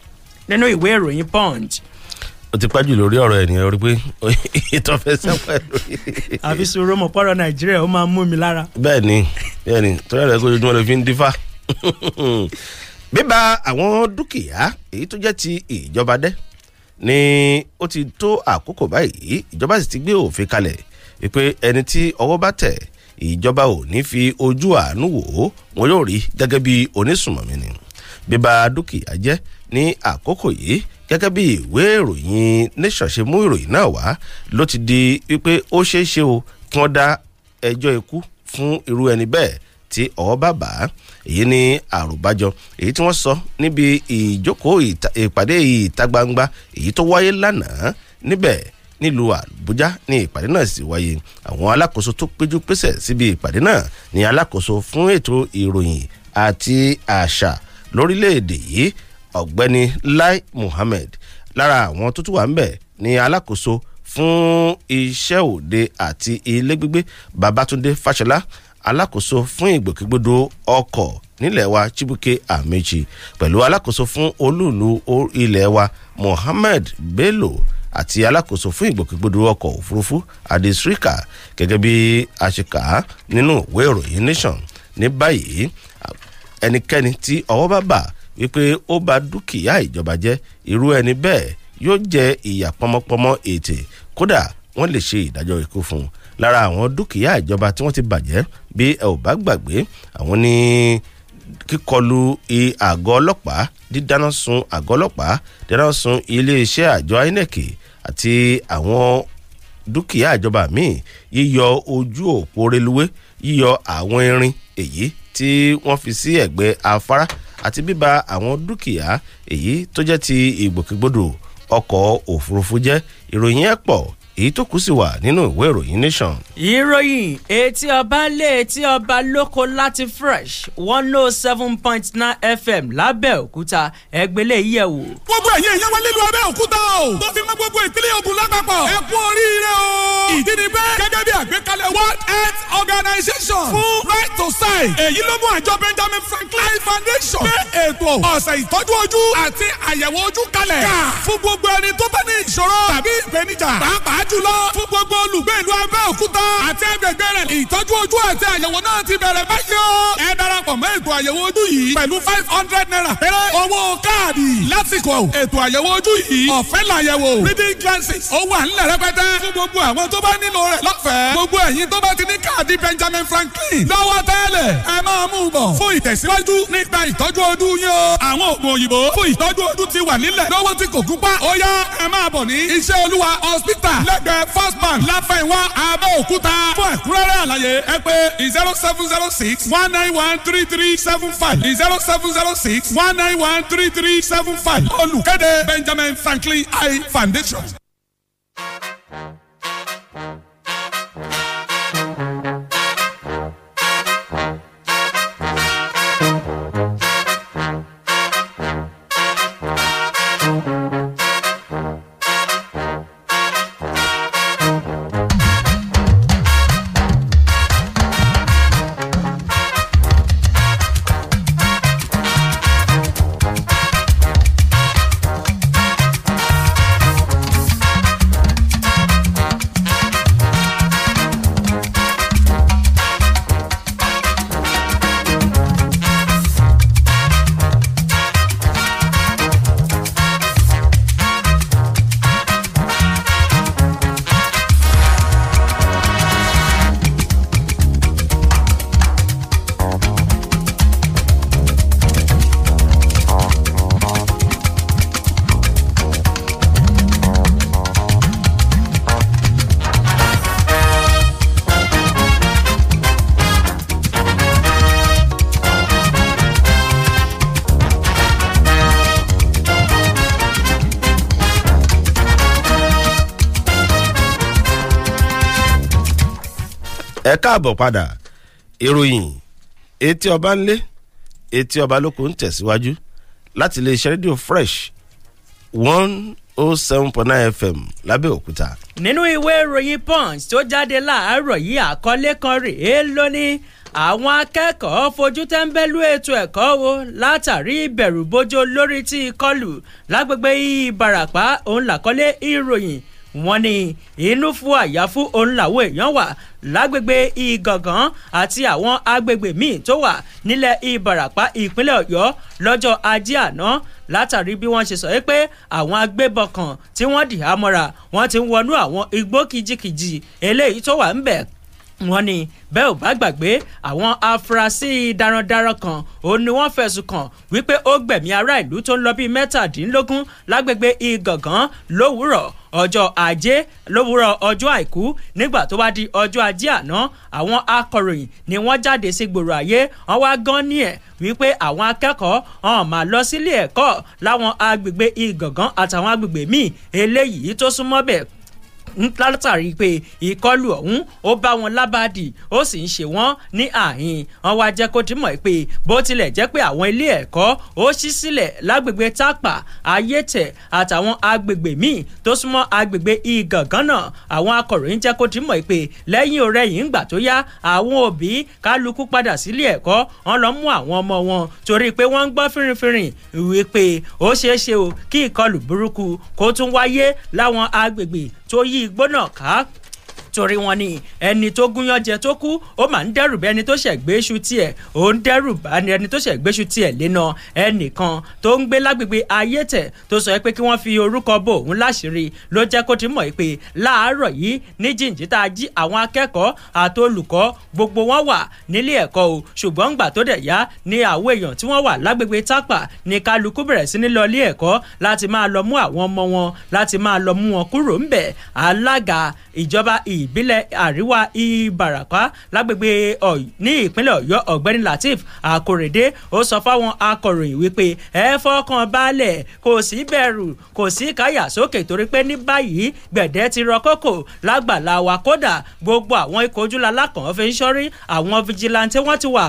nínú ìwé ìròyìn Punch o ti pàjù lórí ọ̀rọ̀ ènìyàn orí pé ètò ọ̀fẹ́ sẹ́pẹ̀ lórí. àfi sọ̀rọ̀ mọ̀ pọ̀rọ̀ nàìjíríà ó máa ń mú mi lára. bẹ́ẹ̀ni bẹ́ẹ̀ni torí ẹ̀rọ ẹ̀kọ́ ojoojúmọ́ ló fi ń dífá. bíbá àwọn dúkìá èyí tó jẹ́ ti ìjọba dẹ́ ni ó ti tó àkókò báyìí ìjọba sì ti gbé òfin kalẹ̀ wípé ẹni tí ọwọ́ bá tẹ̀ ìjọba ò ní fi ojú àánú wò ó wọn yóò rí gẹ́gẹ́ bí onísùnmọ̀mí ni bíba dúkìá jẹ́ ní àkókò yìí gẹ́gẹ́ bí ìwé ìròyìn nation ṣe mú ìròyìn náà wá ló ti di wípé ó ṣeé ṣe o kí wọ́n dá ẹjọ́ ikú fún irú ẹni bẹ́ẹ̀ tí ọwọ́ bá bà á èyí ni àròbájọ èyí tí wọ́n sọ níbi ìjókòó ìpàdé ìta gbangba èyí tó wáyé lánàá níbẹ̀ nílùú àbújá ní ìpàdé náà sì wáyé àwọn alákòóso tó péjú pésẹ̀ síbi ìpàdé náà ní alákòóso fún ètò ìròyìn àti àṣà lórílẹ̀ yìí ọ̀gbẹ́ni lai muhammed lára àwọn tó tún wà ń bẹ̀ ní alákòóso fún iṣẹ́ òde àti ilé gbígbé babatunde fàṣọlá alákòóso fún ìgbòkègbodò ọkọ̀ nílẹ̀ wa chibuke amechi pẹ̀lú alákòóso fún olúùlú ilẹ̀ wa mohammed bello àti alákòóso fún ìgbòkègbodò ọkọ̀ òfurufú adesrika gẹ́gẹ́ bí a ṣe kà á nínú ìwé ìròyìn nation ní báyìí ẹnikẹ́ni tí ọwọ́ bá bà wípé ó bà dúkìá ìjọba jẹ́ irú ẹni bẹ́ẹ̀ yóò jẹ ìyà pọmọpọmọ ètè kódà wọ́n lè ṣe ìdájọ́ ikú fún un lára àwọn dúkìá ìjọba tí wọ́n ti bàjẹ́ bí ẹ ò bá gbàgbé àwọn ní kíkọlù àgọ́ ọlọ́pàá dídáná sun àgọ́ ọlọ́pàá dídáná sun iléeṣẹ́ àjọ INEC àti àwọn dúkìá ìjọba míì yíyọ ojú òpó reluwé yíyọ àwọn irin èyí tí wọ́n fi sí ẹ̀gbẹ́ afárá àti bíba àwọn dúkìá èyí tó jẹ́ ti ìgbòkègbodò ọkọ̀ òfurufú jẹ́ ìròyìn ẹ̀ pọ̀ èyí tó kù sì wà nínú ìwé ìròyìn nation. ìròyìn etí ọba lé etí ọba lóko láti fresh one oh seven point nine fm lábẹ́òkúta ẹgbẹ́lẹ́ yẹ̀ wò. gbogbo ẹ̀yẹ ìyáwó nílùú abẹ́òkúta o tó fi mọ́ gbogbo ìpínlẹ̀ Ògùn lápapọ̀ ẹ kú oríire o ìdí ni bẹ́ẹ̀ gẹ́gẹ́ bí àgbékalẹ̀ world health organization fún right to sign èyí ló mú àjọ Benjamin Franklin foundation gbé ètò ọ̀sẹ̀ ìtọ́jú ojú àti àyẹ̀wò ojú kalẹ̀ ká fún gbogbo ẹni tó bá ní ìṣòro tàbí ìpèníjà pàápàá jùlọ fún gbogbo olùgbé ìlú Abẹ́òkúta àti ẹgbẹ̀gbẹ̀ rẹ̀ ìtọ́jú ojú àti àyẹ̀wò náà ti bẹ̀rẹ̀ báyìí o ẹ darapọ̀ mọ́ ètò àyẹ̀wò ojú yìí pẹ̀lú five hundred naira péré owó káàdì lásìkò ètò àyẹ̀wò ojú yìí ọ̀fẹ́ làyẹ̀wò reading glasses ó wà ńlẹ̀ rẹpẹtẹ fún gbogbo àwọn tó bá nílò rẹ̀ lọ́fẹ̀ẹ́ gbogbo ẹ̀yin tó bá ti ní ká àti Benjamin Franklin lọ́wọ́ tẹ́lẹ̀ ẹ máa mú un bọ̀ fún ìtẹ̀síwájú nípa ìtọ́jú ojú yín o. àwọn oògùn òyìnbó fún ìtọ́jú ojú ti wà nílẹ̀ lọ́wọ́ tí kò gúnpá ó yá ẹ máa bọ̀ ní iṣẹ́ olúwa hospital lẹ́gbẹ̀ẹ́ first bank láfẹ̀wá Abẹ́òkúta fún ẹ̀kúrẹ́rẹ́ àlàyé ẹ pé zero seven zero six one nine one three three seven five zero seven zero six one nine one three three seven five olùkéde Benjamin Franklin Eye Foundation. káàbọ̀ padà ìròyìn etí ọba ńlé etí ọba lóko ń tẹ̀síwájú láti lè rédíò fresh one oh seven point nine fm lábẹ́òkúta. nínú ìwé ìròyìn punch tó jáde láàárọ̀ yìí àkọlé kan rèé lónìí àwọn akẹ́kọ̀ọ́ fojú tẹ́ńbẹ́lú ètò ẹ̀kọ́ wo látàrí ìbẹ̀rùbojo lórí ti ìkọlù lágbègbè ìbarapá òun làkọlé ìròyìn wọ́n ní inú fún àyà fún òun làwọn èèyàn wà lágbègbè ìgangan àti àwọn agbègbè míì tó wà nílẹ̀ ìbàràpá ìpínlẹ̀ ọ̀yọ́ lọ́jọ́ ajé àná látàrí bí wọ́n ṣe sọ pé àwọn agbébọn kan tí wọ́n dì á mọ́ra wọ́n ti ń wọnú àwọn igbó kìjikìji eléyìí tó wà ń bẹ̀ wọ́n ní bẹ́ẹ̀ ò bá gbàgbé àwọn afurasí darandaran kan òun ni wọ́n fẹ̀sùn kàn wípé ó gbẹ̀mí ará ìlú tó ń lọ bíi mẹ́tàdínlógún lágbègbè ìgangan lówùúrọ̀ ọjọ́ ajé lówùúrọ̀ ọjọ́ àìkú nígbà tó bá di ọjọ́ ajé àná àwọn akọ̀ròyìn ni wọ́n jáde sí gbòòrò ayé wọ́n wá gan ní ẹ̀ wípé àwọn akẹ́kọ̀ọ́ ọ̀n máa lọ sílé ẹ̀kọ́ láwọn agbègbè ìgàngán àtàwọn agbègbè míì eléyìí tó súnmọ́ bẹ̀ látàrí pé ìkọlù ọ̀hún ó bá wọn lábàdì ó sì ń ṣe wọ́n ní àhín wọn wá jẹ́ kó ti mọ̀ pé bó tilẹ̀ jẹ́ pé àwọn ilé ẹ̀kọ́ ó ṣí sílẹ̀ lágbègbè tápà ayétẹ̀ àtàwọn agbègbè míì tó súnmọ́ agbègbè ìgàngán náà àwọn akọ̀ròyìn jẹ́ kó ti mọ̀ pé lẹ́yìn ọ̀rẹ́yìn ńgbà tó yá àwọn òbí kálukú padà sílé ẹ̀kọ́ wọn lọ mú àwọn ọmọ wọn torí pé wọ́n ń gbọ́ fínrinfínrin wípé ó ṣeé ṣe o kí ìkọlù burúkú kó tún wáyé láwọn agbègbè tó yí igbó náà ká torí wọn ni ẹni tó gúnyànjẹ tó kú ó máa ń dẹ́rù bá ẹni tó ṣẹ̀ gbé iṣu tiẹ̀ ó ń dẹ́rù bá ẹni tó ṣẹ̀ gbé iṣu tiẹ̀ léna ẹnìkan tó ń gbé lágbègbè ayétẹ̀ tó sọ pé kí wọ́n fi orúkọ bò òun láṣìírí ló jẹ́ kó ti mọ̀ pé láàárọ̀ yìí ní jìǹjìta jí àwọn akẹ́kọ̀ọ́ àti olùkọ́ gbogbo wọn wà nílé ẹ̀kọ́ o ṣùgbọ́n gbà tó dẹ̀ yá ni àwọn èèyàn tí wọ́n wà lágbègbè tápà ni kálukú bẹ̀rẹ̀ sí ní lọ ilé láti máa ìbílẹ̀ àríwá ìbàràpá lágbègbè ní ìpínlẹ̀ ọ̀yọ́ ọ̀gbẹ́ni lateef akorede ó sọ fáwọn akọ̀ròyìn wípé ẹ fọkàn balẹ̀ kò sí bẹ̀rù kò sí káyà sókè torí pé ní báyìí gbẹ̀dẹ́ ti rọ kókò lágbàlá wa kódà gbogbo àwọn ikọ̀ ojúlá lákàn fi ń ṣọ́rí àwọn fijilantí wọ́n ti wà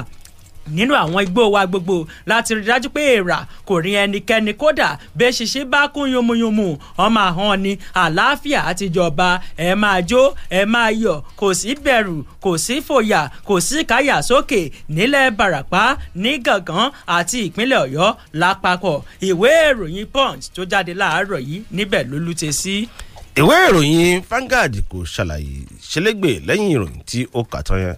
nínú àwọn igbó wa gbogbo láti rí dájú pé èèrà kò rí ẹnikẹ́ni kódà bẹ́ẹ̀ ṣiṣẹ́ bá kún yomuyomu ọmọ àhán ni àlàáfíà àtijọba ẹ máa jó ẹ máa yọ̀ kò sí bẹ̀rù kò sí fòyà kò sí káyà sókè nílẹ̀ Bàràpá ní Gàngán àti ìpínlẹ̀ Ọ̀yọ́ lápapọ̀ ìwé ìròyìn Punch tó jáde láàárọ̀ yìí níbẹ̀ ló lùtẹ̀ sí. ìwé ìròyìn Vanguard kò ṣàlàyé ṣẹlẹ́gbẹ̀ lẹ́yìn ìròyìn tí ó kà tán yẹn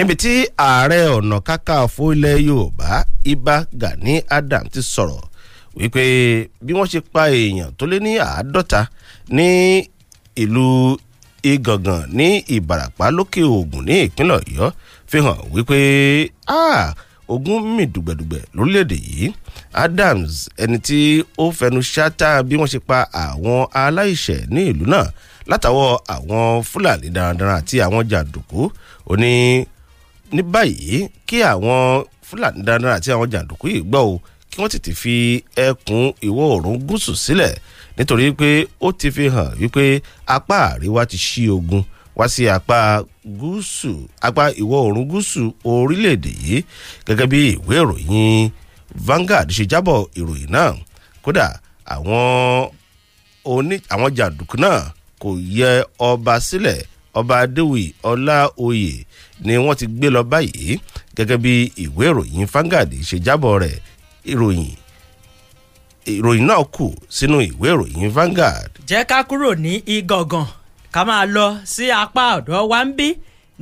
níbi tí ààrẹ ọ̀nà kakanfò ilẹ̀ yorùbá ibà gani adam ti sọ̀rọ̀ wípé bí wọ́n ṣe pa èèyàn tó lé ní àádọ́ta ní ìlú ìgàngàn ní ìbàràpá lókè ògùn ní ìpínlẹ̀ ọ̀yọ́ fi hàn wípé ogun mì dùgbẹ̀dùgbẹ̀ lórílẹ̀‐èdè yìí adams ẹni tí ó fẹnu ṣáátá bí wọ́n ṣe pa àwọn aláìṣẹ̀ ní ìlú náà látàwọ́ àwọn fúlàní darandaran àti àwọn jàǹdùkú ó ní ní báyìí kí àwọn fúlàní darandaran àti àwọn jàǹdùkú yìí gbọ́ o kí wọ́n tètè fi ẹkùn ìwọ̀ oòrùn gúúsù sílẹ̀ nítorí pé ó ti fi hàn wípé apá àríwá ti ṣí ogun wá sí apá gúúsù apá ìwọ̀ oòrùn gúúsù orílẹ̀-èdè yìí gẹ́gẹ́ bí ìwé ìròyìn Vanguard ṣe jábọ̀ ìròyìn náà kódà àwọn jàǹdùkú náà kò yẹ ọba sílẹ̀ ọba adéwì ọláoyè ni wọ́n ti gbé lọ báyìí gẹ́gẹ́ bí ìwé ìròyìn fangadi ṣe jábọ̀ rẹ̀ ìròyìn ìròyìn náà kù sínú ìwé ìròyìn Vanguard. jẹ́ ká kúrò ní igọ̀ngàn ká máa lọ sí apá ọ̀dọ̀ wa ń bí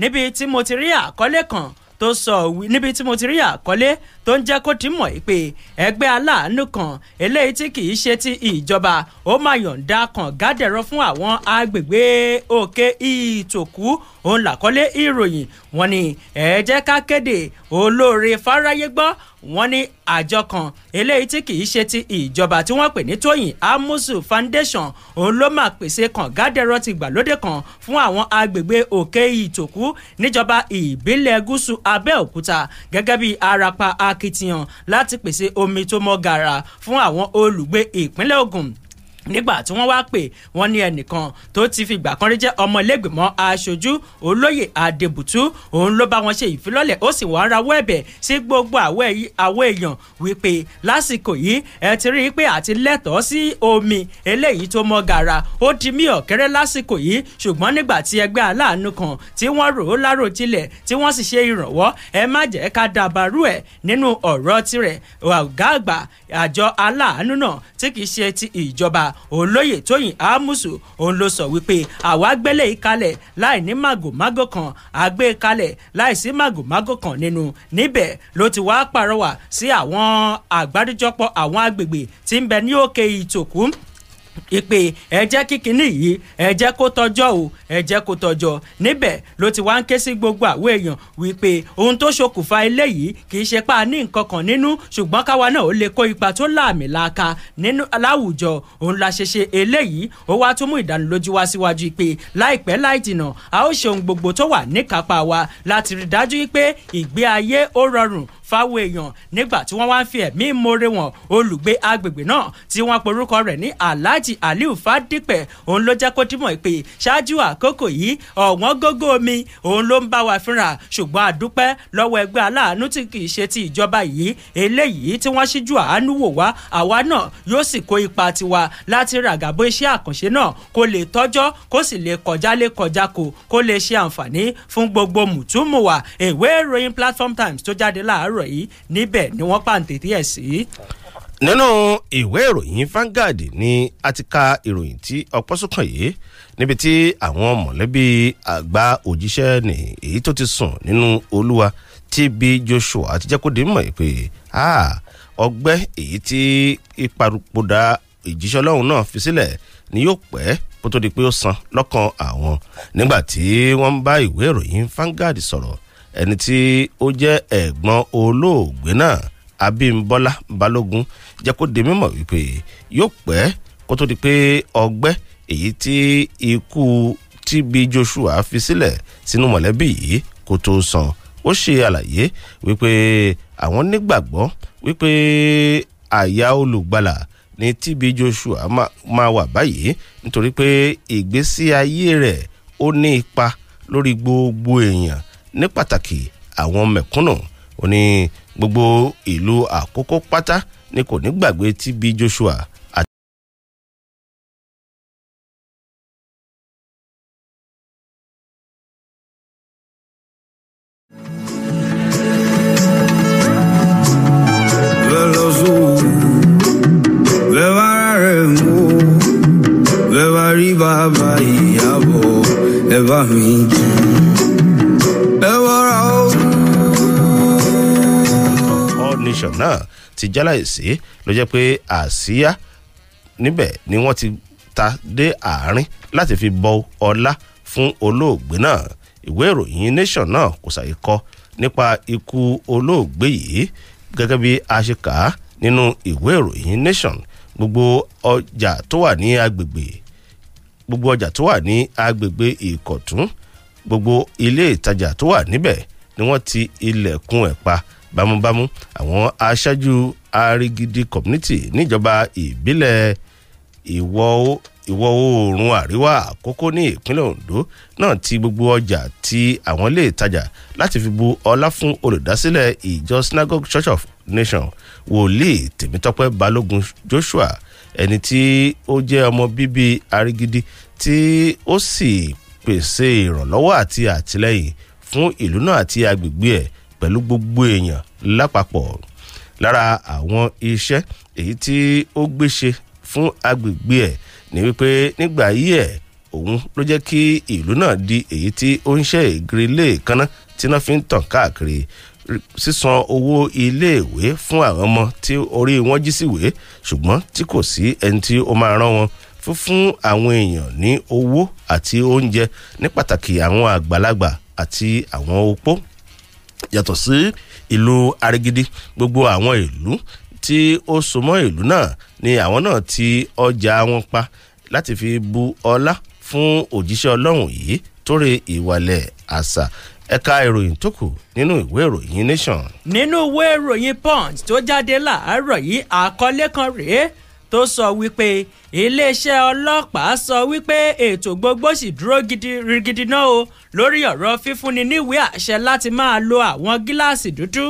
níbi tí mo ti rí àkọlé kan tó sọ níbi tí mo ti rí àkọlé tó ń jẹ́ kó ti mọ̀ pé ẹgbẹ́ aláàánú kan eléyìí tí kì í ṣe ti ìjọba ó máa yọ̀ǹda kan gádẹ̀rọ fún àwọn agbègbè òkè ìtòkú òun làkọ́lé ìròyìn wọ́n ní ẹ jẹ́ ká kéde olóore fáráyé gbọ́ wọ́n ní àjọ kan eléyìí tí kìí ṣe ti ìjọba tí wọ́n pè ní Tóyìn Amusu Foundation òun ló máa pèsè kàngádẹrọ ti gbàlódé kan fún àwọn agbègbè òkè ìtòkú níjọba ìbílẹ̀ gúúsù Abẹ́òkúta gẹ́gẹ́ bí Arapa ak akitiyan láti pèsè omi tó mọ́ gàrà fún àwọn olùgbé ìpínlẹ̀ Ògùn nígbà tí wọ́n wá pè wọ́n ní ẹnìkan tó ti fi ìgbà kan rí jẹ́ ọmọlẹ́gbẹ̀mọ́ aṣojú olóyè adébùtú òun ló bá wọn ṣe ìfilọ́lẹ̀ ó sì wá rawọ́ ẹ̀bẹ̀ sí gbogbo àwọ̀ èèyàn wípé lásìkò yìí ẹ ti rí i pé àti lẹ́tọ̀ọ́ sí omi eléyìí tó mọ́ gàrà ó di mí ọ̀kẹ́rẹ́ lásìkò yìí ṣùgbọ́n nígbà tí ẹgbẹ́ aláàánú kan tí wọ́n rò ó lárò tilẹ̀ tí wọ́n sì ṣe ìrànwọ́ ẹ má jẹ́ ká dàbàrú ẹ̀ nínú ọ̀rọ̀ tirẹ̀ ọ̀gá àgbà àjọ aláàánú náà tí kì ṣe ti ìjọba olóyè tóyìn Amusu òun ló sọ wípé àwa gbélé ìkalẹ̀ láì ní màgòmágó kan àgbé e kalẹ̀ láì sí màgòmágó kan nínú níbẹ̀ ló ti wá pàrọwà sí àwọn àgbáríjọpọ̀ àwọn agbègbè tí ń bẹ ní òkè ìtòkú ìpè ẹ jẹ́ kí kinní yìí ẹ jẹ́ kó tọjọ́ o ẹ jẹ́ kó tọjọ́ níbẹ̀ ló ti wá ń ké sí gbogbo àwọn èèyàn wípé ohun tó ṣokùnfà eléyìí kì í ṣe pa ní nǹkan kan nínú ṣùgbọ́n káwa náà ó lè kó ipa tó láàmì laaka nínú láwùjọ òun la ṣe ṣe eléyìí ó wá tún mú ìdánilójú wá síwájú pé láìpẹ́ láì dìnà a ó ṣe ohun gbogbo tó wà níkápá wa láti rí dájú pé ìgbé ayé ó rọrùn fáwọn èèyàn nígbà tí wọ́n wá ń fi ẹ̀mí ìmoore wọn olùgbé agbègbè náà tí wọ́n porúkọ rẹ̀ ní alhaji aliu fadipẹ̀ òun ló jẹ́ kó dímọ̀ pé ṣáájú àkókò yìí ọ̀wọ́n gógó omi òun ló ń bá wa fínra ṣùgbọ́n àdúpẹ́ lọ́wọ́ ẹgbẹ́ aláàánú tí kì í ṣe ti ìjọba yìí eléyìí tí wọ́n ṣíjú àánú wò wá àwa náà yóò sì kó ipa tiwa láti ràgàbó iṣẹ́ àkànṣe náà kó lè tọ́jọ́ kó sì lè kọjá lè kọjá kó kó lè ṣe àǹfààní fún gbogbo mùtúmùwà ìwé ìròyìn platform times tó jáde láàárọ̀ ọ̀rọ̀ yìí níbẹ̀ ni wọ́n pàǹtẹ̀tẹ̀ ẹ̀ sí. nínú ìwé ìròyìn Vanguard ni a ti ka ìròyìn tí ọpọ́sùnkàn yìí níbi tí àwọn mọ̀lẹ́bí àgbà òjíṣẹ́ ni èyí tó ti sùn nínú olúwa TB Joshua ti jẹ́ kó dé mọ̀ pé ọgbẹ́ èyí tí ìparupodà ìjíṣẹ́ ọlọ́run náà fi sílẹ̀ ni yóò pẹ́ kó tó di pé ó san lọ́kàn àwọn nígbà tí wọ́n ń bá ìwé ìròyìn Vanguard sọ̀rọ̀ ẹni tí ó jẹ́ ẹ̀gbọ́n olóògbé náà abímbọ́lá balógun jẹ́ kó di mímọ̀ wípé yóò pẹ́ kó tó di pé ọgbẹ́ èyí tí ikú TB Joshua fi sílẹ̀ sínú mọ̀lẹ́bí yìí kó tó san ó ṣe àlàyé wípé àwọn nígbàgbọ́ wípé àyà olùgbàlà ni TB Joshua máa wà báyìí nítorí pé ìgbésí ayé rẹ̀ ó ní ipa lórí gbogbo èèyàn ní pàtàkì àwọn mẹ̀kúnnù ó ní gbogbo ìlú àkókò pátá ni kò ní gbàgbé TB Joshua bá mi jù. tẹsán náà ti jáláìsí ló jẹ́ pé àsíá níbẹ̀ ni wọ́n ti ta dé àárín láti fi bọ ọlá fún olóògbé náà ìwé ìròyìn nation náà kò ṣàyè kọ nípa ikú olóògbé yìí gẹ́gẹ́ bí a ṣe kà á nínú ìwé ìròyìn nation gbogbo ọjà tó wà ní agbègbè gbogbo ọjà tó wà ní agbègbè ìkọ̀tún gbogbo ilé ìtajà tó wà níbẹ̀ ni wọ́n ti ilẹ̀kùn ẹ̀ pa bámúbámú àwọn aṣáájú arigidi community níjọba ìbílẹ̀ ìwọ̀ ìwọ̀ oòrùn àríwá àkókò ní ìpínlẹ̀ Ondo náà ti gbogbo ọjà tí àwọn ilé ìtajà láti fi bu ọlá fún olùdásílẹ̀ ìjọ Synagogue Church of Nation wòlíì Tèmítọ́pẹ́ Balógun Joshua ẹni tí ó jẹ́ ọmọ bíbí arigidi tí ó sì pèsè ìrànlọ́wọ́ àti àtìlẹ́yìn fún ìlú náà àti agbègbè ẹ̀ pẹ̀lú gbogbo èèyàn lápapọ̀ lára àwọn iṣẹ́ èyí tí ó gbéṣe fún agbègbè ẹ̀ ni wípé nígbà yí ẹ̀ òun ló jẹ́ kí ìlú náà di èyí tí ó ń ṣe ìgiri ilé ìkaná tí náà fi ń tàn káàkiri sísan owó iléèwé fún àwọn ọmọ tí orí wọn jí síwèé ṣùgbọ́n tí kò sí ẹni tí ó máa rán wọn fífún àwọn èèyàn ní owó àti oúnjẹ ní pàtàkì àwọn àgbàlagbà àti àwọn opó yàtọ̀ sí ìlú arigidi gbogbo àwọn ìlú tí ó súnmọ́ ìlú náà ni àwọn náà ti ọjà wọn pa láti fi bu ọlá fún òjíṣẹ́ ọlọ́run yìí torí ìwàlẹ̀ àṣà ẹ̀ka ìròyìn tó kù nínú ìwé ìròyìn nation. nínú ìwé ìròyìn punch tó jáde láàárọ̀ yìí àkọlé kan rèé tó sọ wípé iléeṣẹ́ ọlọ́pàá sọ wípé ètò gbogbo sì dúró gidigidi náà o lórí ọ̀rọ̀ fífúnni níwèé àṣẹ láti máa lo àwọn gíláàsì dúdú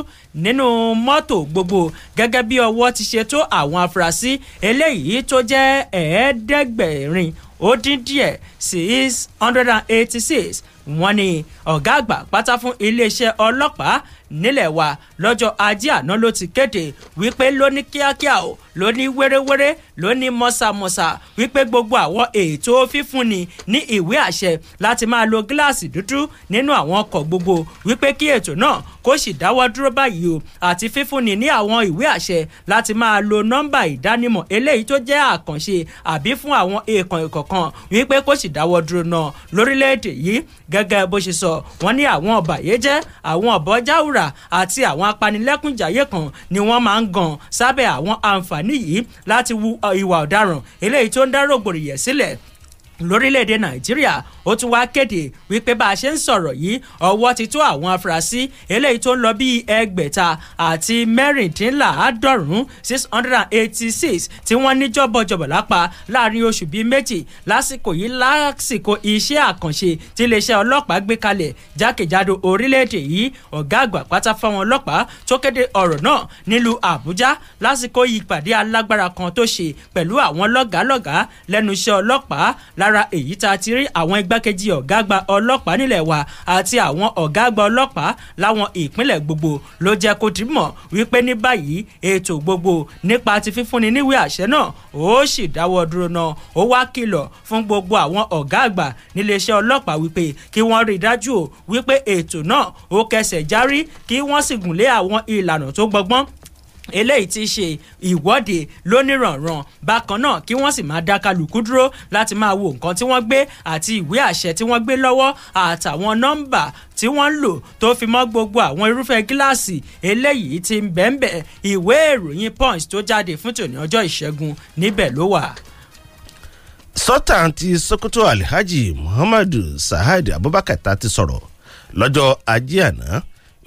nínú mọ́tò gbogbo gẹ́gẹ́ bí ọwọ́ ti ṣe tó àwọn afurasí eléyìí tó jẹ́ ẹ̀ẹ́dẹ́gbẹ̀rin ó dín díẹ̀ six hundred and eighty six wọ́n ní ọ̀gá àgbà pátá fún iléeṣẹ́ ọlọ́pàá nílẹ̀ wa lọ́jọ́ ajé àná ló ti kéde wípé ló ní kíákíá o ló ní wéréwéré ló ní mọ́sàmọ́sà wípé gbogbo àwọn ètò fífúnni ní ìwé àṣẹ láti máa lo gíláàsì dúdú nínú àwọn ọkọ̀ gbogbo wípé kí ètò náà kó sì dáwọ́ dúró báyìí o àti fífúnni ní àwọn ìwé àṣẹ láti máa lo nọ́mbà ìdánimọ̀ eléyìí tó jẹ́ àkànṣe àbí fún àwọn èèkàn ìkọ̀kan wípé kó sì dáwọ́ dúró náà lórílẹ̀‐èdè yìí gẹ́gẹ́ bó ṣe sọ wọ́n ní àwọn ọ̀bàyéjẹ́ àwọn ọ̀bọ̀jáwùr ìdúnàdúrà àti àwọn apanilẹ́kúnjayé kan ni wọ́n máa ń gan sábẹ́ àwọn àǹfààní yìí láti wu uh, ìwà ọ̀daràn eléyìí tó ń dá rògbòdìyẹ sílẹ̀ lórílẹ̀‐èdè nàìjíríà ó tún wá kéde wípé bá a ṣe ń sọ̀rọ̀ yìí ọwọ́ ti tó àwọn afurasí eléyìí tó ń lọ bíi ẹgbẹ̀ta àti mẹ́rìndínláàádọ́rùn-ún six hundred and eighty six tí wọ́n ní jọ́bọ̀jọ̀bọ̀ lápá láàrin oṣù bíi méjì lásìkò yìí lásìkò iṣẹ́ àkànṣe tí iléeṣẹ́ ọlọ́pàá gbé kalẹ̀ jákèjádò orílẹ̀‐èdè yìí ọ̀gá àgbà pátá fáwọn ọlọ́pàá tó kéde ọ̀rọ̀ náà nílùú àbújá lásìkò ìpàdé alágbára kan tó ṣe pẹ̀lú àwọn lọ́gàálọ́gàá lẹ́nu iṣẹ́ ọlọ́pàá lára èyí tá a ti rí àwọn igbákejì ọ̀gá àgbà ọlọ́pàá nílẹ̀ wa àti àwọn ọ̀gá àgbà ọlọ́pàá láwọn ìpínlẹ̀ gbogbo ló jẹ́ kó ti mọ̀ wípé ní báyìí ètò gbogbo nípa ti fífúnni níwèé àṣẹ náà ó sì dáwọ́ dúró náà ó wá kìlọ̀ fún gbogbo àwọn ọ̀gá àgbà níléeṣẹ́ ọlọ́pàá wípé kí wọ́n rí dájú o wípé ètò náà ó kẹsẹ̀ járí kí wọ́n sì gùn lé àwọn ìlànà tó gbọgbọ́n eléyìí ti ṣe ìwọ́de lóníranran bákan náà kí wọ́n sì máa dá kálukú dúró láti máa wo nǹkan tí wọ́n gbé àti ìwé àṣẹ tí wọ́n gbé lọ́wọ́ àtàwọn nọ́mbà tí wọ́n ń lò tó fi mọ́ gbogbo àwọn irúfẹ́ gíláàsì eléyìí ti ń bẹ̀ẹ̀bẹ̀ ìwé ìròyìn punch tó jáde fún tòní ọjọ́ ìṣẹ́gun níbẹ̀ ló wà. sọ́tàn ti sokoto alhaji muhammadu sahad abubakar ta ti sọ̀rọ̀ lọ́jọ́ ajé àná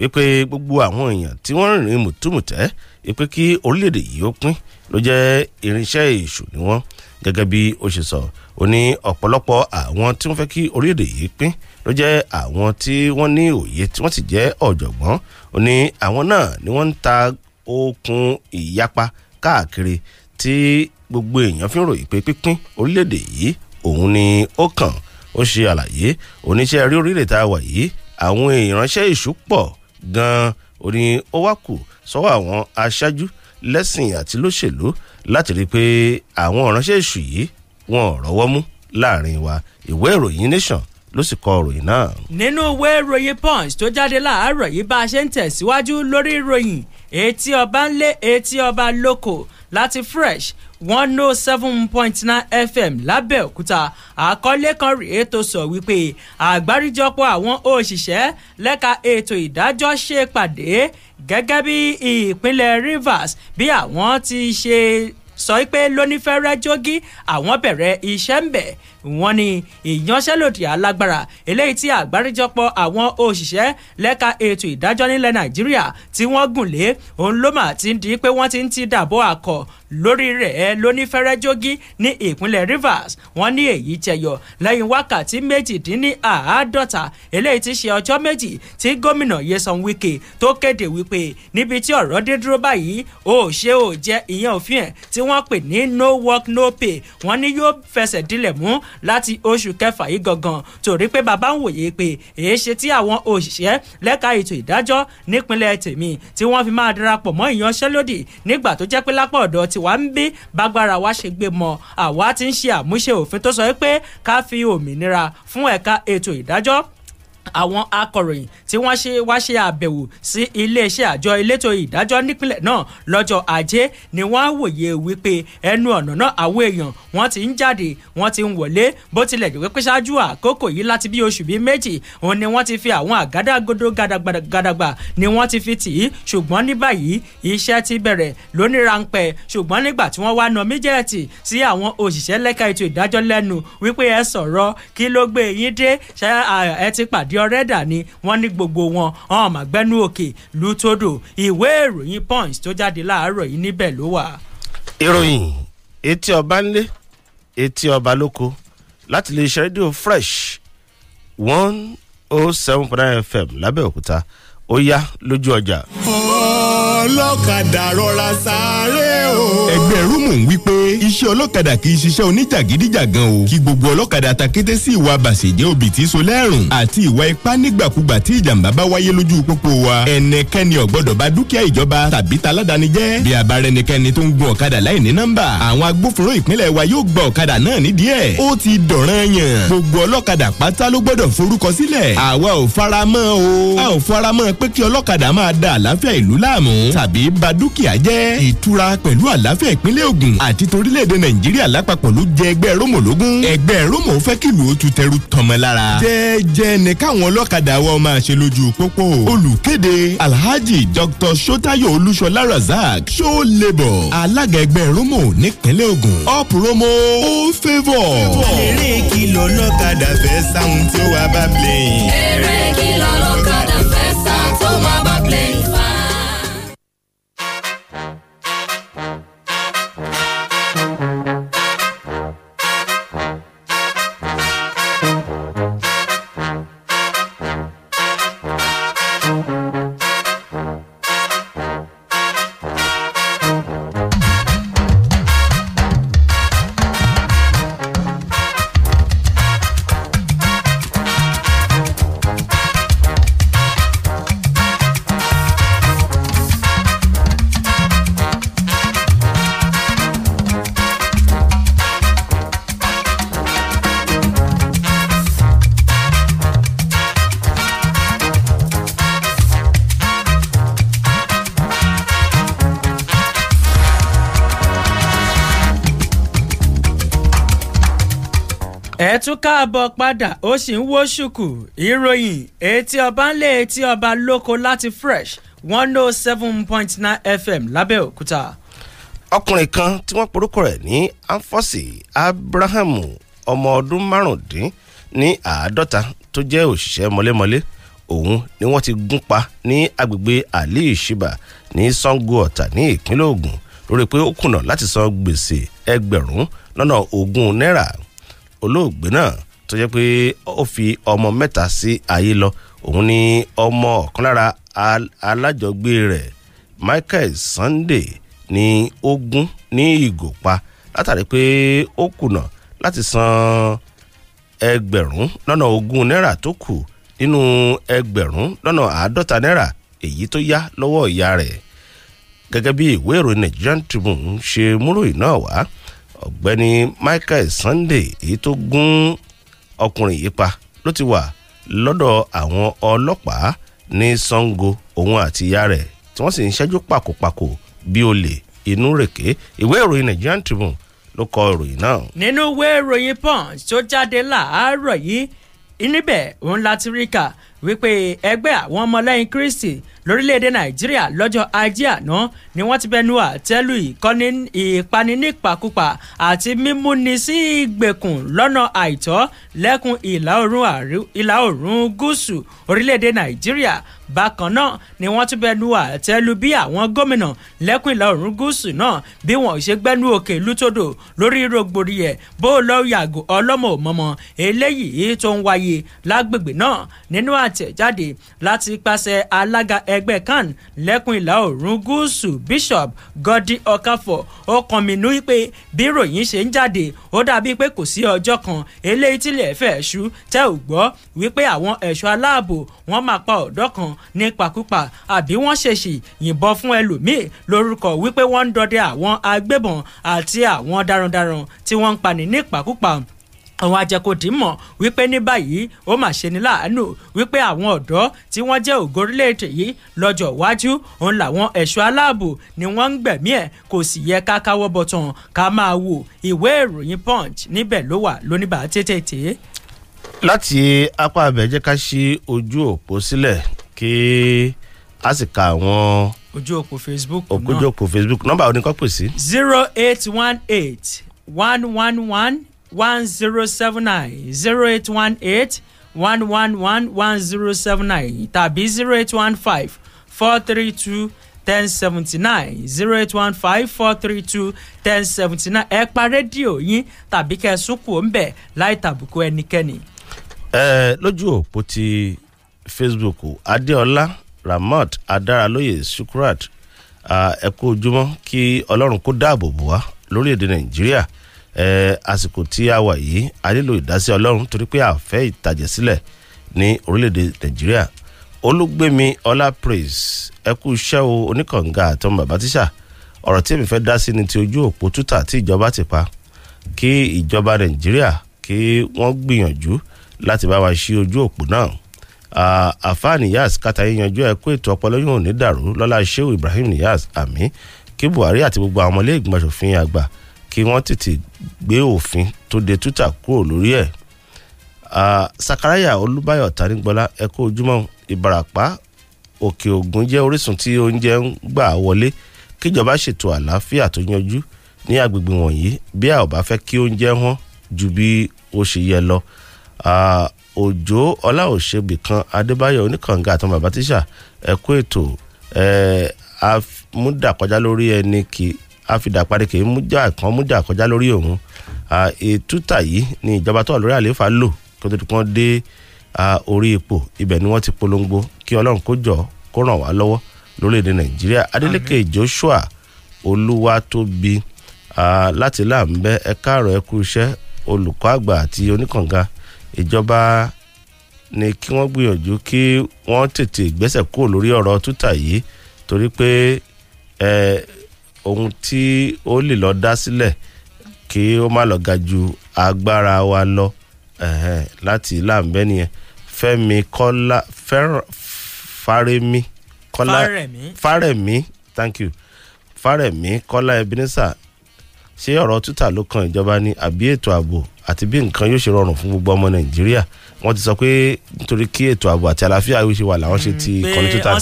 wípé gbogbo àwọn èèyàn tí wọ́n rìnrìn mùtúmùtẹ́ wípé kí orílẹ̀-èdè yìí ó pín ló jẹ́ irinṣẹ́ èṣù ni wọ́n gẹ́gẹ́ bí ó ṣe sọ ó ní ọ̀pọ̀lọpọ̀ àwọn tí wọ́n fẹ́ kí orílẹ̀-èdè yìí pín ló jẹ́ àwọn tí wọ́n ní òye tí wọ́n sì jẹ́ ọ̀jọ̀gbọ́n ó ní àwọn náà ni wọ́n ń ta okùn ìyapa káàkiri tí gbogbo èèyàn fi ń ròyìn pé pínpín orílẹ̀-èdè yìí òun ni ó kàn ó ṣe àlàyé oníṣẹ́ rí orílẹ̀-èdè tá a wà yìí àwọn ìránṣẹ́ ìṣú pọ̀ gan-an ó ní ó àwọn aṣáájú lẹ́sìn àti lóṣèlú láti rí i pé àwọn ìránṣẹ́ èṣù yìí wọn ò rọ́wọ́ mú láàrin wa ìwé ìròyìn nation ló sì kọ ìròyìn náà. nínú ìwé ìròyìn punch tó jáde láàárọ̀ yìí bá a ṣe ń tẹ̀síwájú lórí ìròyìn etí ọba ń lé etí ọba lóko láti fresh one oh seven point nine fm lábẹ́òkúta àkọlé kan rèé tó sọ wípé àgbáríjọpọ̀ àwọn òṣìṣẹ́ lẹ́ka ètò ìdájọ́ ṣe pàdé gẹ́gẹ́ bí ìpínlẹ̀ rivers bí àwọn ti ṣe sọ pé lónífẹ́rẹ́ jogi àwọn bẹ̀rẹ̀ iṣẹ́ ń bẹ̀ wọ́n ní ìyanṣẹ́lódì alágbára eléyìí tí àgbáríjọpọ̀ àwọn òṣìṣẹ́ lẹ́ka ètò ìdájọ́ nílẹ̀ nàìjíríà tí wọ́n gùn lé òun ló mà ti ń di pé wọ́n ti ń ti dàbọ̀ àkọ́ lórí rẹ̀ lónífẹ́rẹ́jọ́gí ní ìpínlẹ̀ Rivers wọ́n ní èyí jẹyọ lẹ́yìn wákàtí méjìdínláàádọ́ta eléyìí ti ṣe ọjọ́ méjì tí gómìnà Nyesom Wike tó kéde wípé níbi tí ọ̀rọ̀ dé dúró báyìí ó ṣe ò jẹ́ ìyẹn òfin ẹ̀ tí wọ́n pè ní no work no pay wọ́n ní yóò fẹsẹ̀ dilẹ̀ mú láti oṣù kẹfà yìí gangan torí pé bàbá ń wòye pé èé ṣe tí àwọn òṣìṣẹ́ lẹ́ka ètò ìdájọ́ nípínlẹ̀ tèmi tí wọ́n fi máa darapọ̀ mọ́ ìyanṣẹ́lódì nígbà tó jẹ́ pé lápá ọ̀dọ̀ tiwa ń bí bágbára wa ṣe gbé mọ́ àwa ti ń ṣe àmúṣe òfin tó sọ pé ká fi òmìnira fún ẹ̀ka ètò ìdájọ́ àwọn akọ̀ròyìn tí wọ́n ṣe wá ṣe àbẹ̀wò sí iléeṣẹ́ àjọ elétò ìdájọ́ nípínlẹ̀ náà lọ́jọ́ ajé ni wọ́n wòye wípé ẹnu ọ̀nà náà àwọn èèyàn wọ́n ti ń jáde wọ́n ti ń wọlé bó tilẹ̀ jẹ́ pé ṣáájú àkókò yìí láti bí oṣù bíi méjì òun ni wọ́n ti fi àwọn àgádágodo gàdàgbà ni wọ́n ti fi tì í ṣùgbọ́n ní báyìí iṣẹ́ ti bẹ̀rẹ̀ lóníranpẹ̀ ṣùgbọ́n nígbà tí wọ́n wá na méjèèjì sí àwọn òṣìṣẹ́ lẹ́ka ètò ìdájọ́ lẹ́nu wípé ẹ sọ̀rọ̀ kí ló gbé yín dé ṣé ẹ ti pàd àdìọrẹ́dà ni wọ́n ní gbogbo wọn ọ̀n màgbẹ́nu òkè lùtòdò ìwé ìròyìn punch tó jáde láàárọ̀ yìí níbẹ̀ ló wà. ìròyìn etí ọba ńlé etí ọba lóko láti lè ṣe rédíò fresh one oh seven point nine fm lábẹ́òkúta ó yá lójú ọjà. ọlọ́kadà rọra sáré o. ẹgbẹ́ rúmù ń wí pé iṣẹ́ ọlọ́kadà kì í ṣiṣẹ́ oníjàgídíjàgan o kí gbogbo ọlọ́kadà takété sí ìwà bàṣẹ́jẹ́ òbí tí so lẹ́rùn àti ìwà ipá nígbàkúgbà tí ìjàmbá bá wáyé lójú pópó wa ẹnikẹ́ni ò gbọ́dọ̀ bà dúkìá ìjọba tàbí taládàáni jẹ́ bí abarẹnikẹ́ni tó ń gun ọ̀kadà láì ní nọ́mbà àwọn agbófinró ìpínlẹ̀ wa yóò gba ọ̀kadà náà nídìí ẹ̀ ó ti dọ̀ràn yàn gbogbo ọlọ́kadà pátá ló gbọ́dọ̀ forúkọ sílẹ̀ àwa ò faramọ́ o a ò faramọ́ pé kí ọlọ́kadà máa da àlàáfíà ìlú láàmú tàbí bà dúkìá jẹ́ ìtura pẹ̀lú àlàáfíà ìpínlẹ̀ Ògùn àti torílẹ̀ orílẹ̀-èdè nàìjíríà lápapọ̀ ló jẹ ẹgbẹ́ rómò lógún ẹgbẹ́ rómò fẹ́ kí ìlú ó tu tẹrù tọmọ lára jẹ́ẹ́jẹ́ ni káwọn ọlọ́kadà wa máa ṣe lójú pópó olùkéde alhaji dr sotayo olúṣọlá razak show labour alága ẹgbẹ́ rómò nípínlẹ̀ ogun all promo o favour. eré kìlọ̀ ọlọ́kadà fẹ́ sáhun tí ó wà bá plẹ̀ eré kìlọ̀ tún káàbọ̀ padà ó sì ń wó ìròyìn etí ọba ń lé etí ọba lóko láti fresh one oh seven point nine fm lábẹ́òkúta. ọkùnrin kan tí wọ́n porúkọ rẹ̀ ní anfosi abrahamu ọmọ ọdún márùndín ní àádọ́ta tó jẹ́ òṣìṣẹ́ mọ́lémọ́lé òun ni wọ́n ti gún pa ní agbègbè ali shiba ní sango ọ̀tà ní ìpínlẹ̀ ogun lórí pé ó kùnà láti san gbèsè ẹgbẹ̀rún lọ́nà ogún náírà olóògbé náà tó jẹ́ pé ó fi ọmọ mẹ́ta sí ayé lọ òun ni ọmọ ọ̀kan lára alájọgbé rẹ̀ Michael Sunday ní ogún ní ìgò pa látàrí pé ó kùnà láti san ẹgbẹ̀rún lọ́nà ogún náírà tó kù nínú ẹgbẹ̀rún lọ́nà àádọ́ta náírà èyí tó yá lọ́wọ́ ìyá rẹ̀ gẹ́gẹ́ bí ìwé ìròyìn Nigerian Tribune ṣe múròyìn náà wá ọ̀gbẹ́ni Michael Sunday èyí tó gún ọkùnrin yìí pa ló ti wà lọ́dọ̀ àwọn ọlọ́pàá ní Sango òun àti ìyá rẹ̀ tí wọ́n sì ń ṣẹ́jú pàkópàkó bí olè inú rèké ìwé ìròyìn Nigerian Tribune ló kọ ìròyìn náà. nínú ìwé ìròyìn punch tó jáde láàárọ̀ yìí níbẹ̀ òun láti rí wípé ẹgbẹ́ àwọn ọmọlẹ́yìn Kristi lórílẹ̀‐èdè nàìjíríà lọ́jọ́ ajé àná ni wọ́n ti bẹnu àtẹ́lù ìkọ́ni ìpani nípakúpa àti mímúni sí ìgbèkùn lọ́nà àìtọ́ lẹ́kùn ìlà oòrùn gúúsù orílẹ̀‐èdè nàìjíríà bákan náà ni wọ́n tún bẹnu àtẹ́lù bí àwọn gómìnà lẹ́kùn ìlà oòrùn gúúsù náà bí wọ́n ṣe gbẹ́nu òkè lútòdò lórí rògbòdìyẹ bó lọ yàgò ọlọ́mọ òmọmọ eléyìí tó ń wáyé lágbègbè náà nínú àtẹ̀jáde láti pàṣẹ alága ẹgbẹ́ kan lẹ́kùn ìlà oòrùn gúúsù bishop godi okafor ó kọminú pé bí ròyìn ṣe ń jáde ó dàbí pé kò sí ọjọ́ kan eléyìí tilẹ̀ fẹ́ ṣú tẹ́ ò gbọ́ wípé àwọn ẹ̀ṣọ́ aláàbò wọ́n máa pa ọ̀dọ́ kan ní pakúpa àbí wọ́n ṣèṣì yìnbọn fún ẹlòmíì lórúkọ wípé wọ́n ń dọdẹ àwọn agbébọn àti àwọn darandaran tí wọ́n ń pani ní pakúpa àwọn ajẹkọdì mọ̀ wípé ní báyìí ó mà ṣe ní láàánú wípé àwọn ọ̀dọ́ tí wọ́n jẹ́ ògo orílẹ̀ yìí lọ́jọ́ iwájú òun làwọn ẹ̀ṣọ́ aláàbò ni wọ́n ń gbẹ̀mí ẹ̀ kò sì yẹ ká káwọ́ bọ̀tàn ká máa wo ìwé ìròyìn punch níbẹ̀ ló wà lóníbà tètè. láti apá abẹ jẹ́ ká ṣí ojú òpó sílẹ̀ kí a sì ka àwọn. ojú òpó facebook náà ojú òpó facebook nọ́mbà oníkọ́pẹ̀ sí. zero eight one eight one one one one zero seven nine zero eight one eight one one one one zero seven nine tàbí zero eight one five four three two ten seventy nine zero eight one five four three two ten seventy nine ẹ pa rédíò yín tàbí kẹ́ ẹ súnkù ń bẹ̀ láì tàbùkù ẹnikẹ́ni. ẹ lójú òpó ti facebook adéọlá ramat adaralóye shukrat ẹ kú ojúmọ́ kí ọlọ́run kó dáàbò bò wá lórílẹ̀ nàìjíríà àsìkò tí a wà yìí a nílò ìdásí ọlọ́run torí pé a fẹ́ ìtàjẹ̀sílẹ̀ ní orílẹ̀-èdè nàìjíríà olúgbẹ́mi ọlá praise ẹkú iṣẹ́ o oníkànga àtọmọ bàbá tíṣà ọ̀rọ̀ tí èmi fẹ́ dá sí ni ti ojú òpó tútà tí ìjọba ti pa kí ìjọba nàìjíríà kí wọ́n gbìyànjú láti bá wa ṣí ojú òpó náà àfáà niyas kàtàyé yanjú ẹkú ètò ọpọlọ yóò dàrú lọ́la sheu ibrahim niyas àmì kí buhari àti gbogbo àwọn ọmọlé ìgbìmọ̀ asòfin àgbà kí wọ́n tètè gbé òfin tó de twitter kúrò lórí ẹ̀ sakaraya olúbáyọ̀ tanígbọ́lá ẹ kú ojúmọ́ ìbarapá òkè ògùn jẹ́ orísun tí oúnjẹ ń gbà wọlé kíjọba ṣètò àlàáfíà tó yanjú ní agbègbè wọ̀nyí bí a ò bá fẹ́ kí oúnjẹ wọn ju bí ó ṣe yẹ lọ òjò ọláòṣègbè kan adébáyọ̀ oníkànga àtàwọn bàbá tíṣà ètò amúdàkọjá lórí ẹni kì àfidà parí kì í mújà kan mújà kọjá lórí òun ètútà yìí ni ìjọba tó wà lórí àlééfà lò kí wọ́n tó kàn dé orí ipò ibẹ̀ ni wọ́n ti polongo kí ọlọ́run kó jọ kó ràn wá lọ́wọ́ lórílẹ̀ nàìjíríà adeleke joshua olúwatóbi láti láǹbẹ́ ẹ káàárọ̀ ẹ kú iṣẹ́ olùkọ́ àgbà àti oníkànga ìjọba ni kí wọ́n gbìyànjú kí wọ́n tètè gbẹ́sẹ̀ kúrò lórí ọ̀rọ̀ tútà yìí torí pé ohun tí ó lè lọ dá sílẹ̀ kí ó má lọ ga ju agbára wa lọ láti láǹbẹ́ nìyẹn Fẹ́mi Kọ́lá Fárẹ̀mí Kọ́lá Fárẹ̀mí thank you Fárẹ̀mí Kọ́lá Ebenezer ṣé ọ̀rọ̀ títà ló kan ìjọba ní àbí ètò ààbò àti bí nǹkan yóò ṣe rọrùn fún gbogbo ọmọ Nàìjíríà wọ́n ti sọ pé nítorí kí ètò ààbò àti àlàáfíà yóò ṣe wà làwọn ṣe ti mm, ìkànnì títà. pé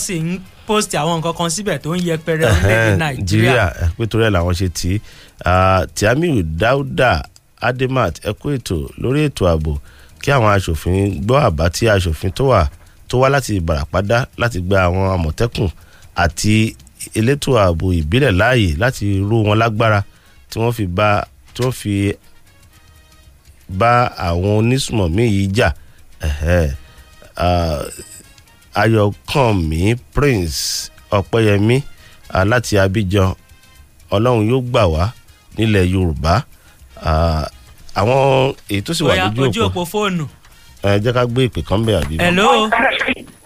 post àwọn nǹkan kan síbẹ̀ tó ń yẹpẹrẹ orílẹ̀-èdè nàìjíríà. pé torí làwọn ṣe tí Tiamiu Dauda Ademat ẹ kú ètò lórí ètò ààbò kí àwọn aṣòfin gbọ́ àbá tí aṣòfin tó wà tó wá láti ìbàràpàdá láti gba àwọn àmọ̀tẹ́kùn àti elétò ààbò ìbílẹ̀ láàyè láti ró wọn lágbára tí wọ́n fi bá tí wọ́n fi bá àwọn onísùmọ̀mí yìí jà ayọ̀kànmí prince ọ̀pẹ́yẹmí láti abidjan ọlọ́run yóò gbà wá nílẹ̀ yorùbá àwọn èyí tó sì wà lójú òpó fóònù. ẹ jẹ́ ká gbé ìpè kan bẹ́ẹ̀ àbí. hello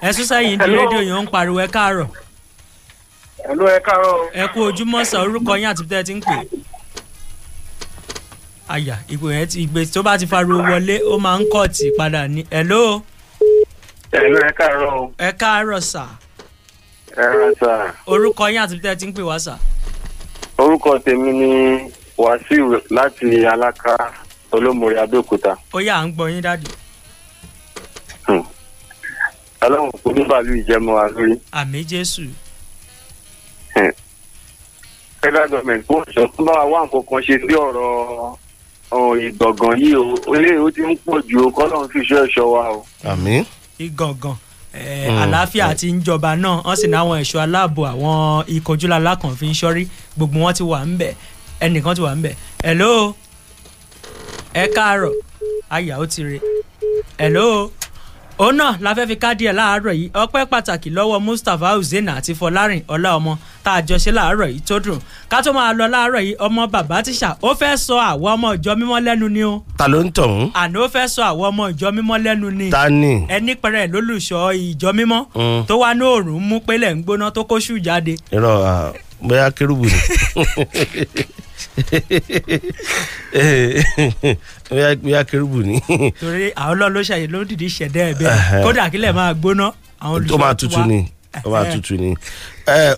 ẹ súnṣẹ́ di rédíò yìí ó ń pariwo ẹ káàárọ̀. hello ẹ káàárọ̀. ẹ kú ojúmọ́ sàn orúkọ yín àti tẹ́ ẹ ti ń pè. àyà ìgbè tó bá ti fariwo wọlé ó máa ń kọ̀ padà ní. hello? ẹ̀rọ ẹ káàárọ̀ o. ẹ káàárọ̀ sà. ẹ̀rọ sà. orúkọ yín àti tẹ́tí ń pè wá sà. orúkọ tèmi ni wàsíù láti aláka olómùrè abẹ́òkúta. ó yà à ń gbọ́ yín dáàdì. Hmm. ọlọ́run kò ní bàálù ìjẹmọ́ wa lórí. àmì jésù. Hmm. federal government kò sọ fún báwa wá nǹkan kan ṣe sí ọ̀rọ̀ ìgbọ̀ngàn yìí o eléyìí ó ti ń pọ̀ ju kọ́lọ́run fi ṣe ẹ̀ṣọ́ wa o igangan eh, hmm. àlàáfíà àti ìjọba náà wọ́n sì ní àwọn aláàbò àwọn ikọ̀ alákànfin sọ́rí gbogbo wọn ti wà ń bẹ̀ ẹnìkan ti wà ń bẹ̀ hello ẹ káàárọ̀ ayà ó ti re hello òun náà la fẹ́ fi kádìí ẹ̀ láàárọ̀ yìí ọpẹ́ pàtàkì lọ́wọ́ Mustapha Hussein àti Fọlárìn Ọláọmọ tá a jọ ṣe láàárọ̀ yìí tó dùn ká tó máa lọ láàárọ̀ yìí ọmọ bàbá tíṣà ó fẹ́ sọ àwọn ọmọ ìjọ mímọ́ lẹ́nu ni o. ta ló ń tọ̀hún. àná ó fẹ́ sọ àwọn ọmọ ìjọ mímọ́ lẹ́nu ni. ta ni. ẹni pẹrẹ lólùṣọ́ ìjọ mímọ́ mm. tó wá ní òórùn mú pélé ń gbóná tó kóṣù jáde. irọ́ bóyá kérúbù ni. bóyá kérúbù ni. torí àwọn ọlọ́run ló ṣàyè ló dìde ìṣẹ̀dá ẹ̀ bẹ́ẹ̀ kódà kílẹ̀ máa gbóná àwọn olùṣọ́ tó máa tutù ni tó máa tutù ni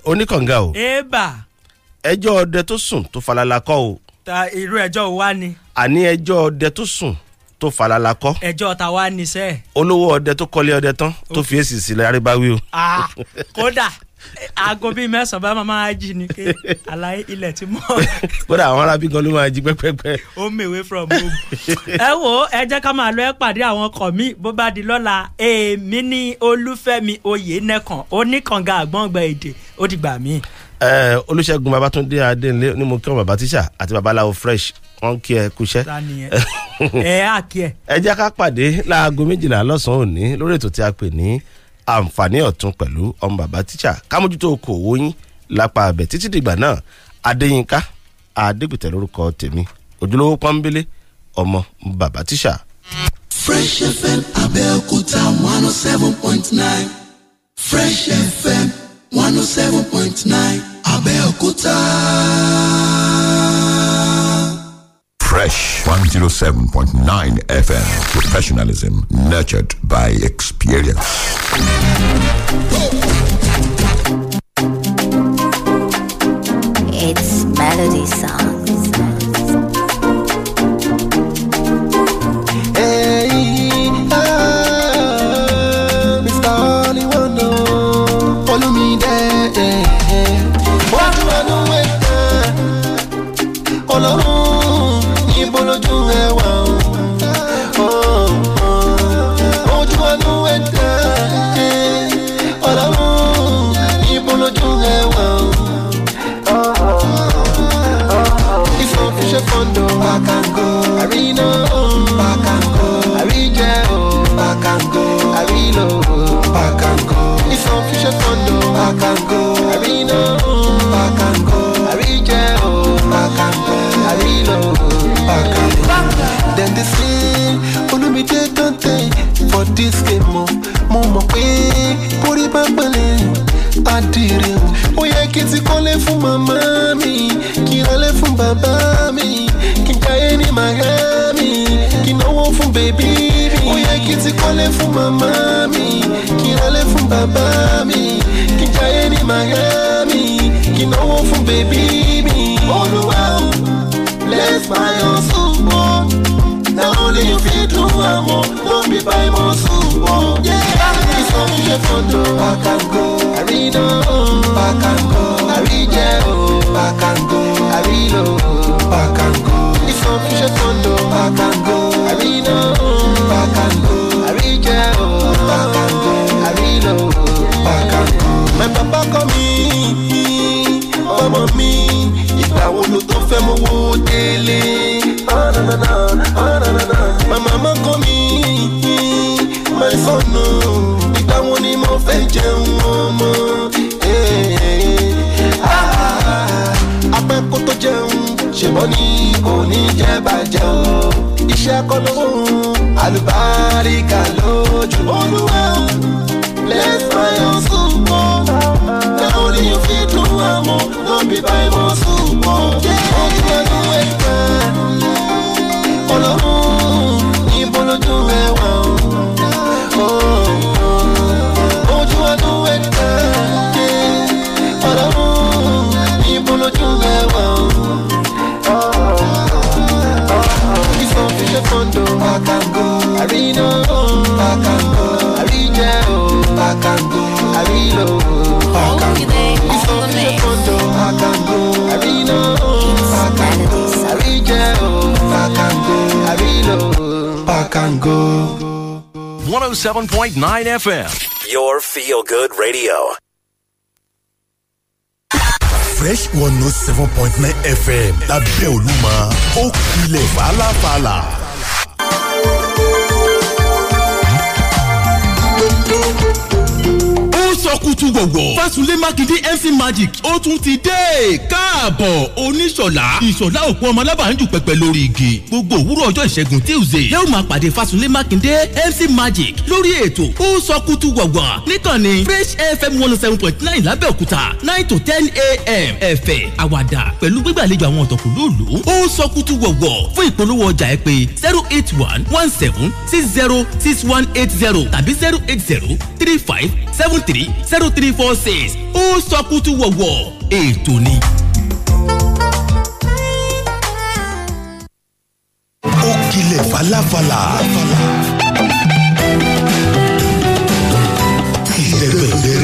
oníkànga o. Eba, ẹjọ́ ọdẹ tó sùn tó falala kọ́ o. ta irú ẹjọ́ wa ni. àní ẹjọ́ ọdẹ tó sùn tó falala kọ́. ẹjọ́ ta wá ní sẹ́ẹ̀. olówó ọdẹ tó kọ́lé ọdẹ tán tó fi èsì sílẹ̀ arábáwí o. Ah, kódà aago bíi mẹ́sàn-án bá máa jí ni pé àlàyé ilẹ̀ ti mọ́. kódà àwọn arábí gan ló máa jí pẹ́pẹ́pẹ́. home away from home. ẹ wo ẹ jẹ́ ká máa lọ ẹ pàdé àwọn ọkọ̀ mi bó bá di lọ́la èmi ní olúfẹ́mi oyènẹ́kan oníkànga àgbọ̀ngbẹ èdè ó ti gbà mí. ẹ olùṣègùn babatunde adéǹlé ni mo kí wọn bàbá tíṣà àti babaláwo fresh wọn kí ẹ kúṣẹ́. ẹ á kí ẹ. ẹ jẹ́ ká pàdé láago méjìlá lọ́sàn-án òní lórí ètò tí a pè ní àǹfààní ọ̀tun pẹ̀lú ọmọ bàbá tíṣà kámójútó okòwò yín lápá abẹ títí dìgbà náà adéyínká adégbìtẹ̀ lórúkọ tèmi ojúlówó pọ́nbélé ọmọ bàbá tíṣà. Fresh FM Abẹ́òkúta one oh seven point nine Fresh FM one oh seven point nine Abẹ́òkúta. Fresh 107.9 FM. Professionalism nurtured by experience. It's Melody Songs. Hey, ah, Only One, follow me there. What do Back and go. I be no. Back and go. I be jail. Back and go. I be no. Back and go. Then they say, Olumide don't take for this game. Mo mọ̀ pé orí bá gbọ́lẹ̀ adìrẹ o. Ó yẹ kí n ti kọ́lé fún màmá mi, kí n lálẹ́ fún bàbá mi, kí n jayé ní Miami, kí n náwó fún bèbí mi. Ó yẹ kí n ti ayé ní Miami ìnáwó fún bèbí mi. olúwa o bless my hustle o na only you fit do am o no be by muscle o. this one we dey fondo back and go arena o back and go arije o back go arilo o back and go. this one we dey go arena o. my papa call me ọmọ mi ìgbà wo ló tó fẹ́ mowó délé my mama call me my son ìgbà wo ni mo fẹ́ jẹun ọmọ eh, eh, eh. Ah, ah, ah. apẹ́ kó tó jẹun ṣèbọ́ ni kò ní jẹ́ bàjẹ́ o iṣẹ́ kọ́ lówó àlùbáríkà lọ. 107.9 FM, your feel good radio. Fresh 107.9 FM, la belle Ouluma, au fala, fala. kùtù gbọ̀ngbọ̀. fásulẹ̀ mákindé mc magic ó tún ti dé káàbọ̀ oníṣọ̀lá ìṣọ̀lá òkú ọmọ alábàájú pẹ̀pẹ̀ lórí igi gbogbo òwúrọ̀ ọjọ́ ìṣẹ́gun tuesday yóò máa pàdé fásulẹ̀ mákindé mc magic lórí ètò ó sọ kùtù gbọ̀ngbọ̀ níkànnì fresh fm one oh seven point nine lábẹ́òkúta nine to ten a.m. ẹ̀fẹ̀ àwàdà pẹ̀lú gbígbàlejò àwọn ọ̀tọ̀kùn lóòlù ó sọ kùtù gbọ̀ngbọ̀ fún zero eight one one seven six zero six one eight zero tàbí zero eight zero three five seven three zero three four six ó sọ kútú wọ̀wọ̀ ètò ni. ó kilẹ̀ falafala. ìdẹ̀gbẹ̀dẹ̀.